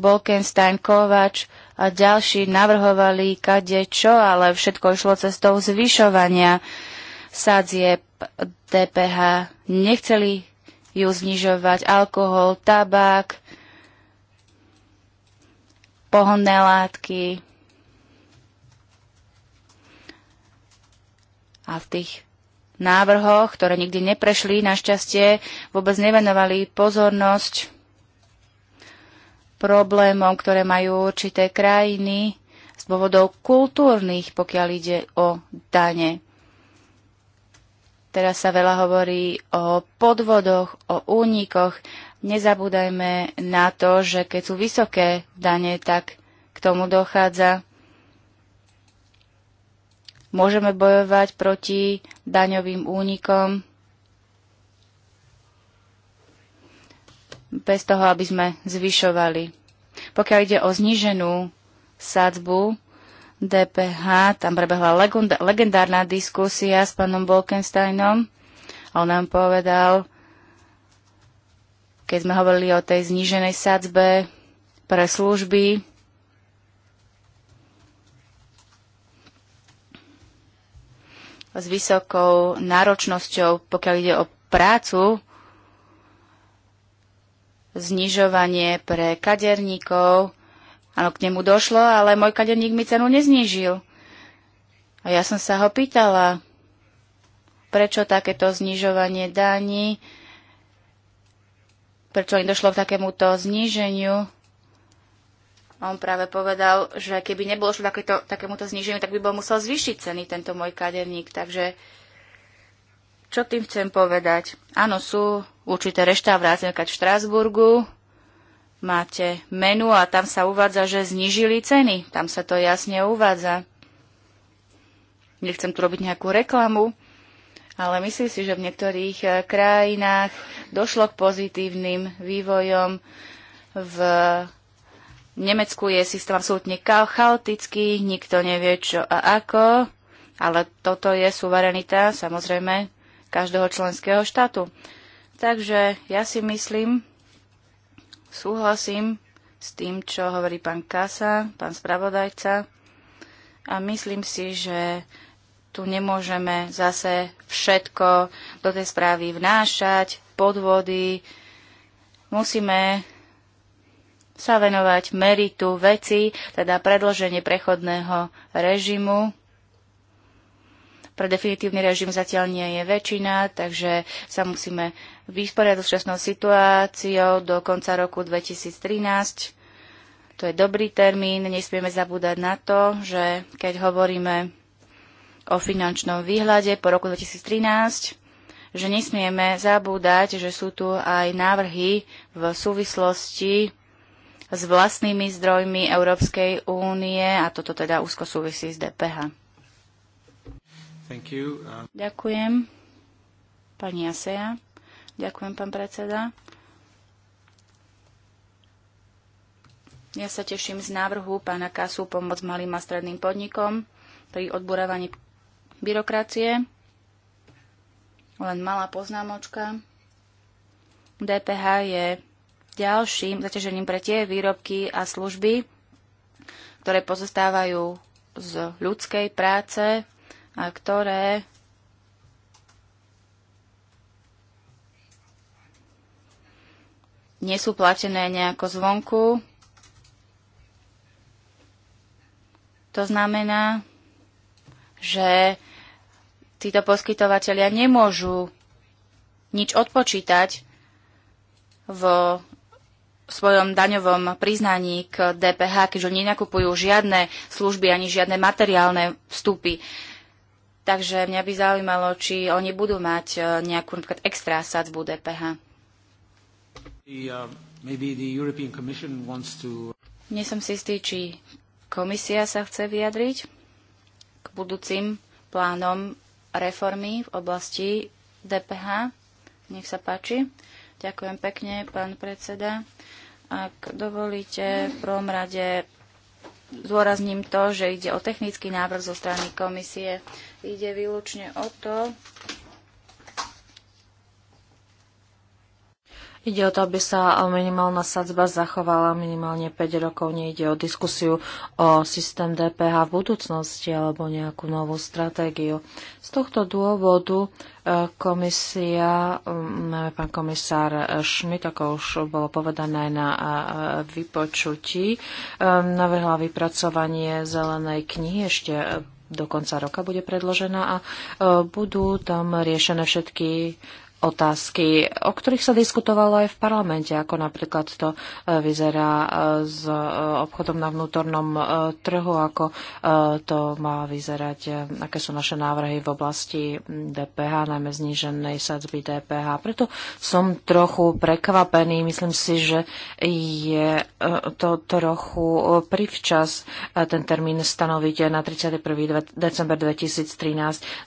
Bolkenstein, Kovač a ďalší navrhovali kade čo, ale všetko išlo cestou zvyšovania sadzieb DPH. Nechceli ju znižovať alkohol, tabák, pohonné látky a v tých návrhoch, ktoré nikdy neprešli, našťastie vôbec nevenovali pozornosť problémom, ktoré majú určité krajiny z dôvodov kultúrnych, pokiaľ ide o dane. Teraz sa veľa hovorí o podvodoch, o únikoch, nezabúdajme na to, že keď sú vysoké dane, tak k tomu dochádza. Môžeme bojovať proti daňovým únikom bez toho, aby sme zvyšovali. Pokiaľ ide o zníženú sadzbu DPH, tam prebehla legendárna diskusia s pánom Bolkensteinom. On nám povedal, keď sme hovorili o tej zníženej sadzbe pre služby. s vysokou náročnosťou, pokiaľ ide o prácu, znižovanie pre kaderníkov. Áno, k nemu došlo, ale môj kaderník mi cenu neznížil. A ja som sa ho pýtala, prečo takéto znižovanie daní, prečo im došlo k takémuto zníženiu. On práve povedal, že keby nebolo šlo takéto, takémuto zníženiu, tak by bol musel zvýšiť ceny tento môj kaderník. Takže čo tým chcem povedať? Áno, sú určité reštaurácie, keď v Štrásburgu, máte menu a tam sa uvádza, že znížili ceny. Tam sa to jasne uvádza. Nechcem tu robiť nejakú reklamu, ale myslím si, že v niektorých eh, krajinách došlo k pozitívnym vývojom. V Nemecku je systém absolútne chaotický, nikto nevie čo a ako, ale toto je suverenita samozrejme každého členského štátu. Takže ja si myslím, súhlasím s tým, čo hovorí pán Kasa, pán spravodajca a myslím si, že tu nemôžeme zase všetko do tej správy vnášať, podvody. Musíme sa venovať meritu veci, teda predloženie prechodného režimu. Pre definitívny režim zatiaľ nie je väčšina, takže sa musíme vysporiadať s časnou situáciou do konca roku 2013. To je dobrý termín, nesmieme zabúdať na to, že keď hovoríme o finančnom výhľade po roku 2013, že nesmieme zabúdať, že sú tu aj návrhy v súvislosti s vlastnými zdrojmi Európskej únie a toto teda úzko súvisí s DPH. Uh... Ďakujem. Pani Asea. Ďakujem, pán predseda. Ja sa teším z návrhu pána Kasu pomoc malým a stredným podnikom pri odburávaní byrokracie. Len malá poznámočka. DPH je ďalším zaťažením pre tie výrobky a služby, ktoré pozostávajú z ľudskej práce a ktoré nie sú platené nejako zvonku. To znamená, že títo poskytovateľia nemôžu nič odpočítať vo svojom daňovom priznaní k DPH, keďže oni nenakupujú žiadne služby ani žiadne materiálne vstupy. Takže mňa by zaujímalo, či oni budú mať e, nejakú napríklad extra sadzbu DPH. Uh, Nie som si istý, či komisia sa chce vyjadriť k budúcim plánom reformy v oblasti DPH. Nech sa páči. Ďakujem pekne, pán predseda. Ak dovolíte, v prvom rade zôrazním to, že ide o technický návrh zo strany komisie. Ide výlučne o to, Ide o to, aby sa minimálna sadzba zachovala minimálne 5 rokov. Nejde o diskusiu o systém DPH v budúcnosti alebo nejakú novú stratégiu. Z tohto dôvodu e, komisia, máme pán komisár Šmit, ako už bolo povedané na e, vypočutí, e, navrhla vypracovanie zelenej knihy ešte do konca roka bude predložená a budú tam riešené všetky otázky, o ktorých sa diskutovalo aj v parlamente, ako napríklad to e, vyzerá e, s e, obchodom na vnútornom trhu, ako to má vyzerať, aké sú naše návrhy v oblasti DPH, najmä zníženej sadzby DPH. Preto som trochu prekvapený, myslím si, že je to trochu privčas ten termín stanoviť na 31. december 2013.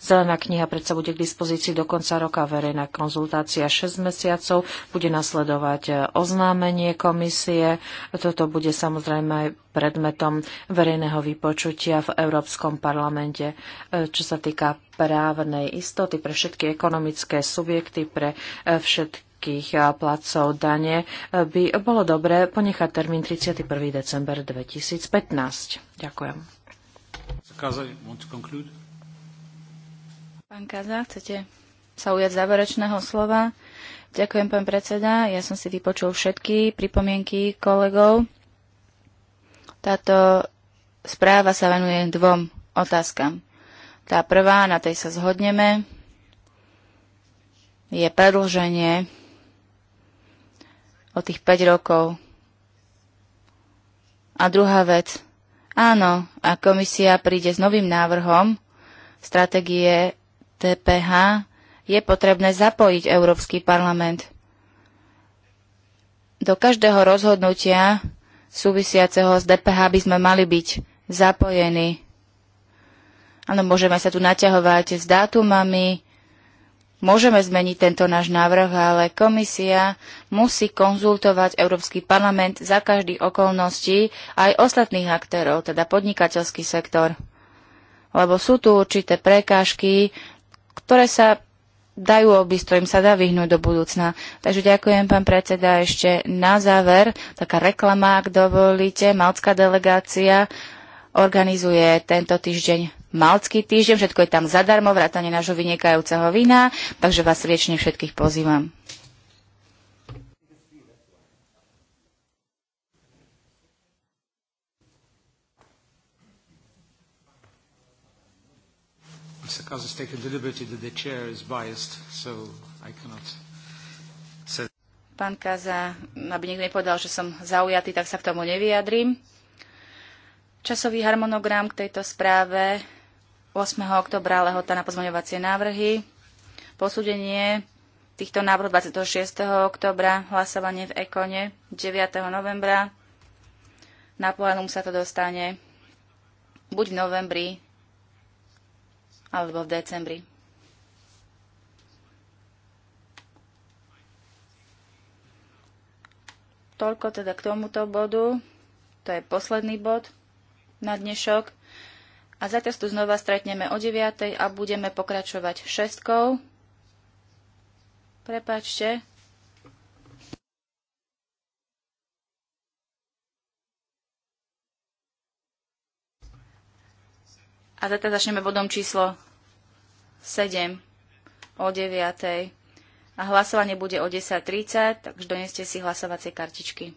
Zelená kniha predsa bude k dispozícii do konca roka verejná konzultácia 6 mesiacov, bude nasledovať e, oznámenie komisie. Toto bude samozrejme aj predmetom verejného vypočutia v Európskom parlamente, e, čo sa týka právnej istoty pre všetky ekonomické subjekty, pre všetky všetkých placov dane e, by bolo dobré ponechať termín 31. december 2015. Ďakujem. Pán Kaza, chcete sa ujať záverečného slova. Ďakujem, pán predseda. Ja som si vypočul všetky pripomienky kolegov. Táto správa sa venuje dvom otázkam. Tá prvá, na tej sa zhodneme, je predlženie o tých 5 rokov. A druhá vec, áno, a komisia príde s novým návrhom stratégie TPH je potrebné zapojiť Európsky parlament do každého rozhodnutia súvisiaceho s DPH by sme mali byť zapojení. Áno, môžeme sa tu naťahovať s dátumami, môžeme zmeniť tento náš návrh, ale komisia musí konzultovať Európsky parlament za každých okolností aj ostatných aktérov, teda podnikateľský sektor. Lebo sú tu určité prekážky, ktoré sa dajú obísť, ktorým sa dá vyhnúť do budúcna. Takže ďakujem, pán predseda, ešte na záver, taká reklama, ak dovolíte, malcká delegácia organizuje tento týždeň Malcký týždeň, všetko je tam zadarmo, vrátane nášho vynikajúceho vína, takže vás srdečne všetkých pozývam. Mr. has taken the liberty that the chair is biased, so I cannot say... Pán Kaza, aby nikto nepovedal, že som zaujatý, tak sa k tomu nevyjadrím. Časový harmonogram k tejto správe 8. oktobra lehota na pozmaňovacie návrhy. Posúdenie týchto návrhov 26. oktobra, hlasovanie v Ekone 9. novembra. Na plénum sa to dostane buď v novembri alebo v decembri. Toľko teda k tomuto bodu. To je posledný bod na dnešok. A zatiaľ tu znova stretneme o 9. a budeme pokračovať šestkou. Prepačte, A teda začneme bodom číslo 7 o 9. A hlasovanie bude o 10.30, takže doneste si hlasovacie kartičky.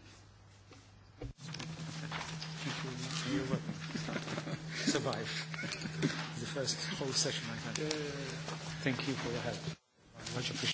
Survive the first whole session I had. Thank you for your help. Much appreciated.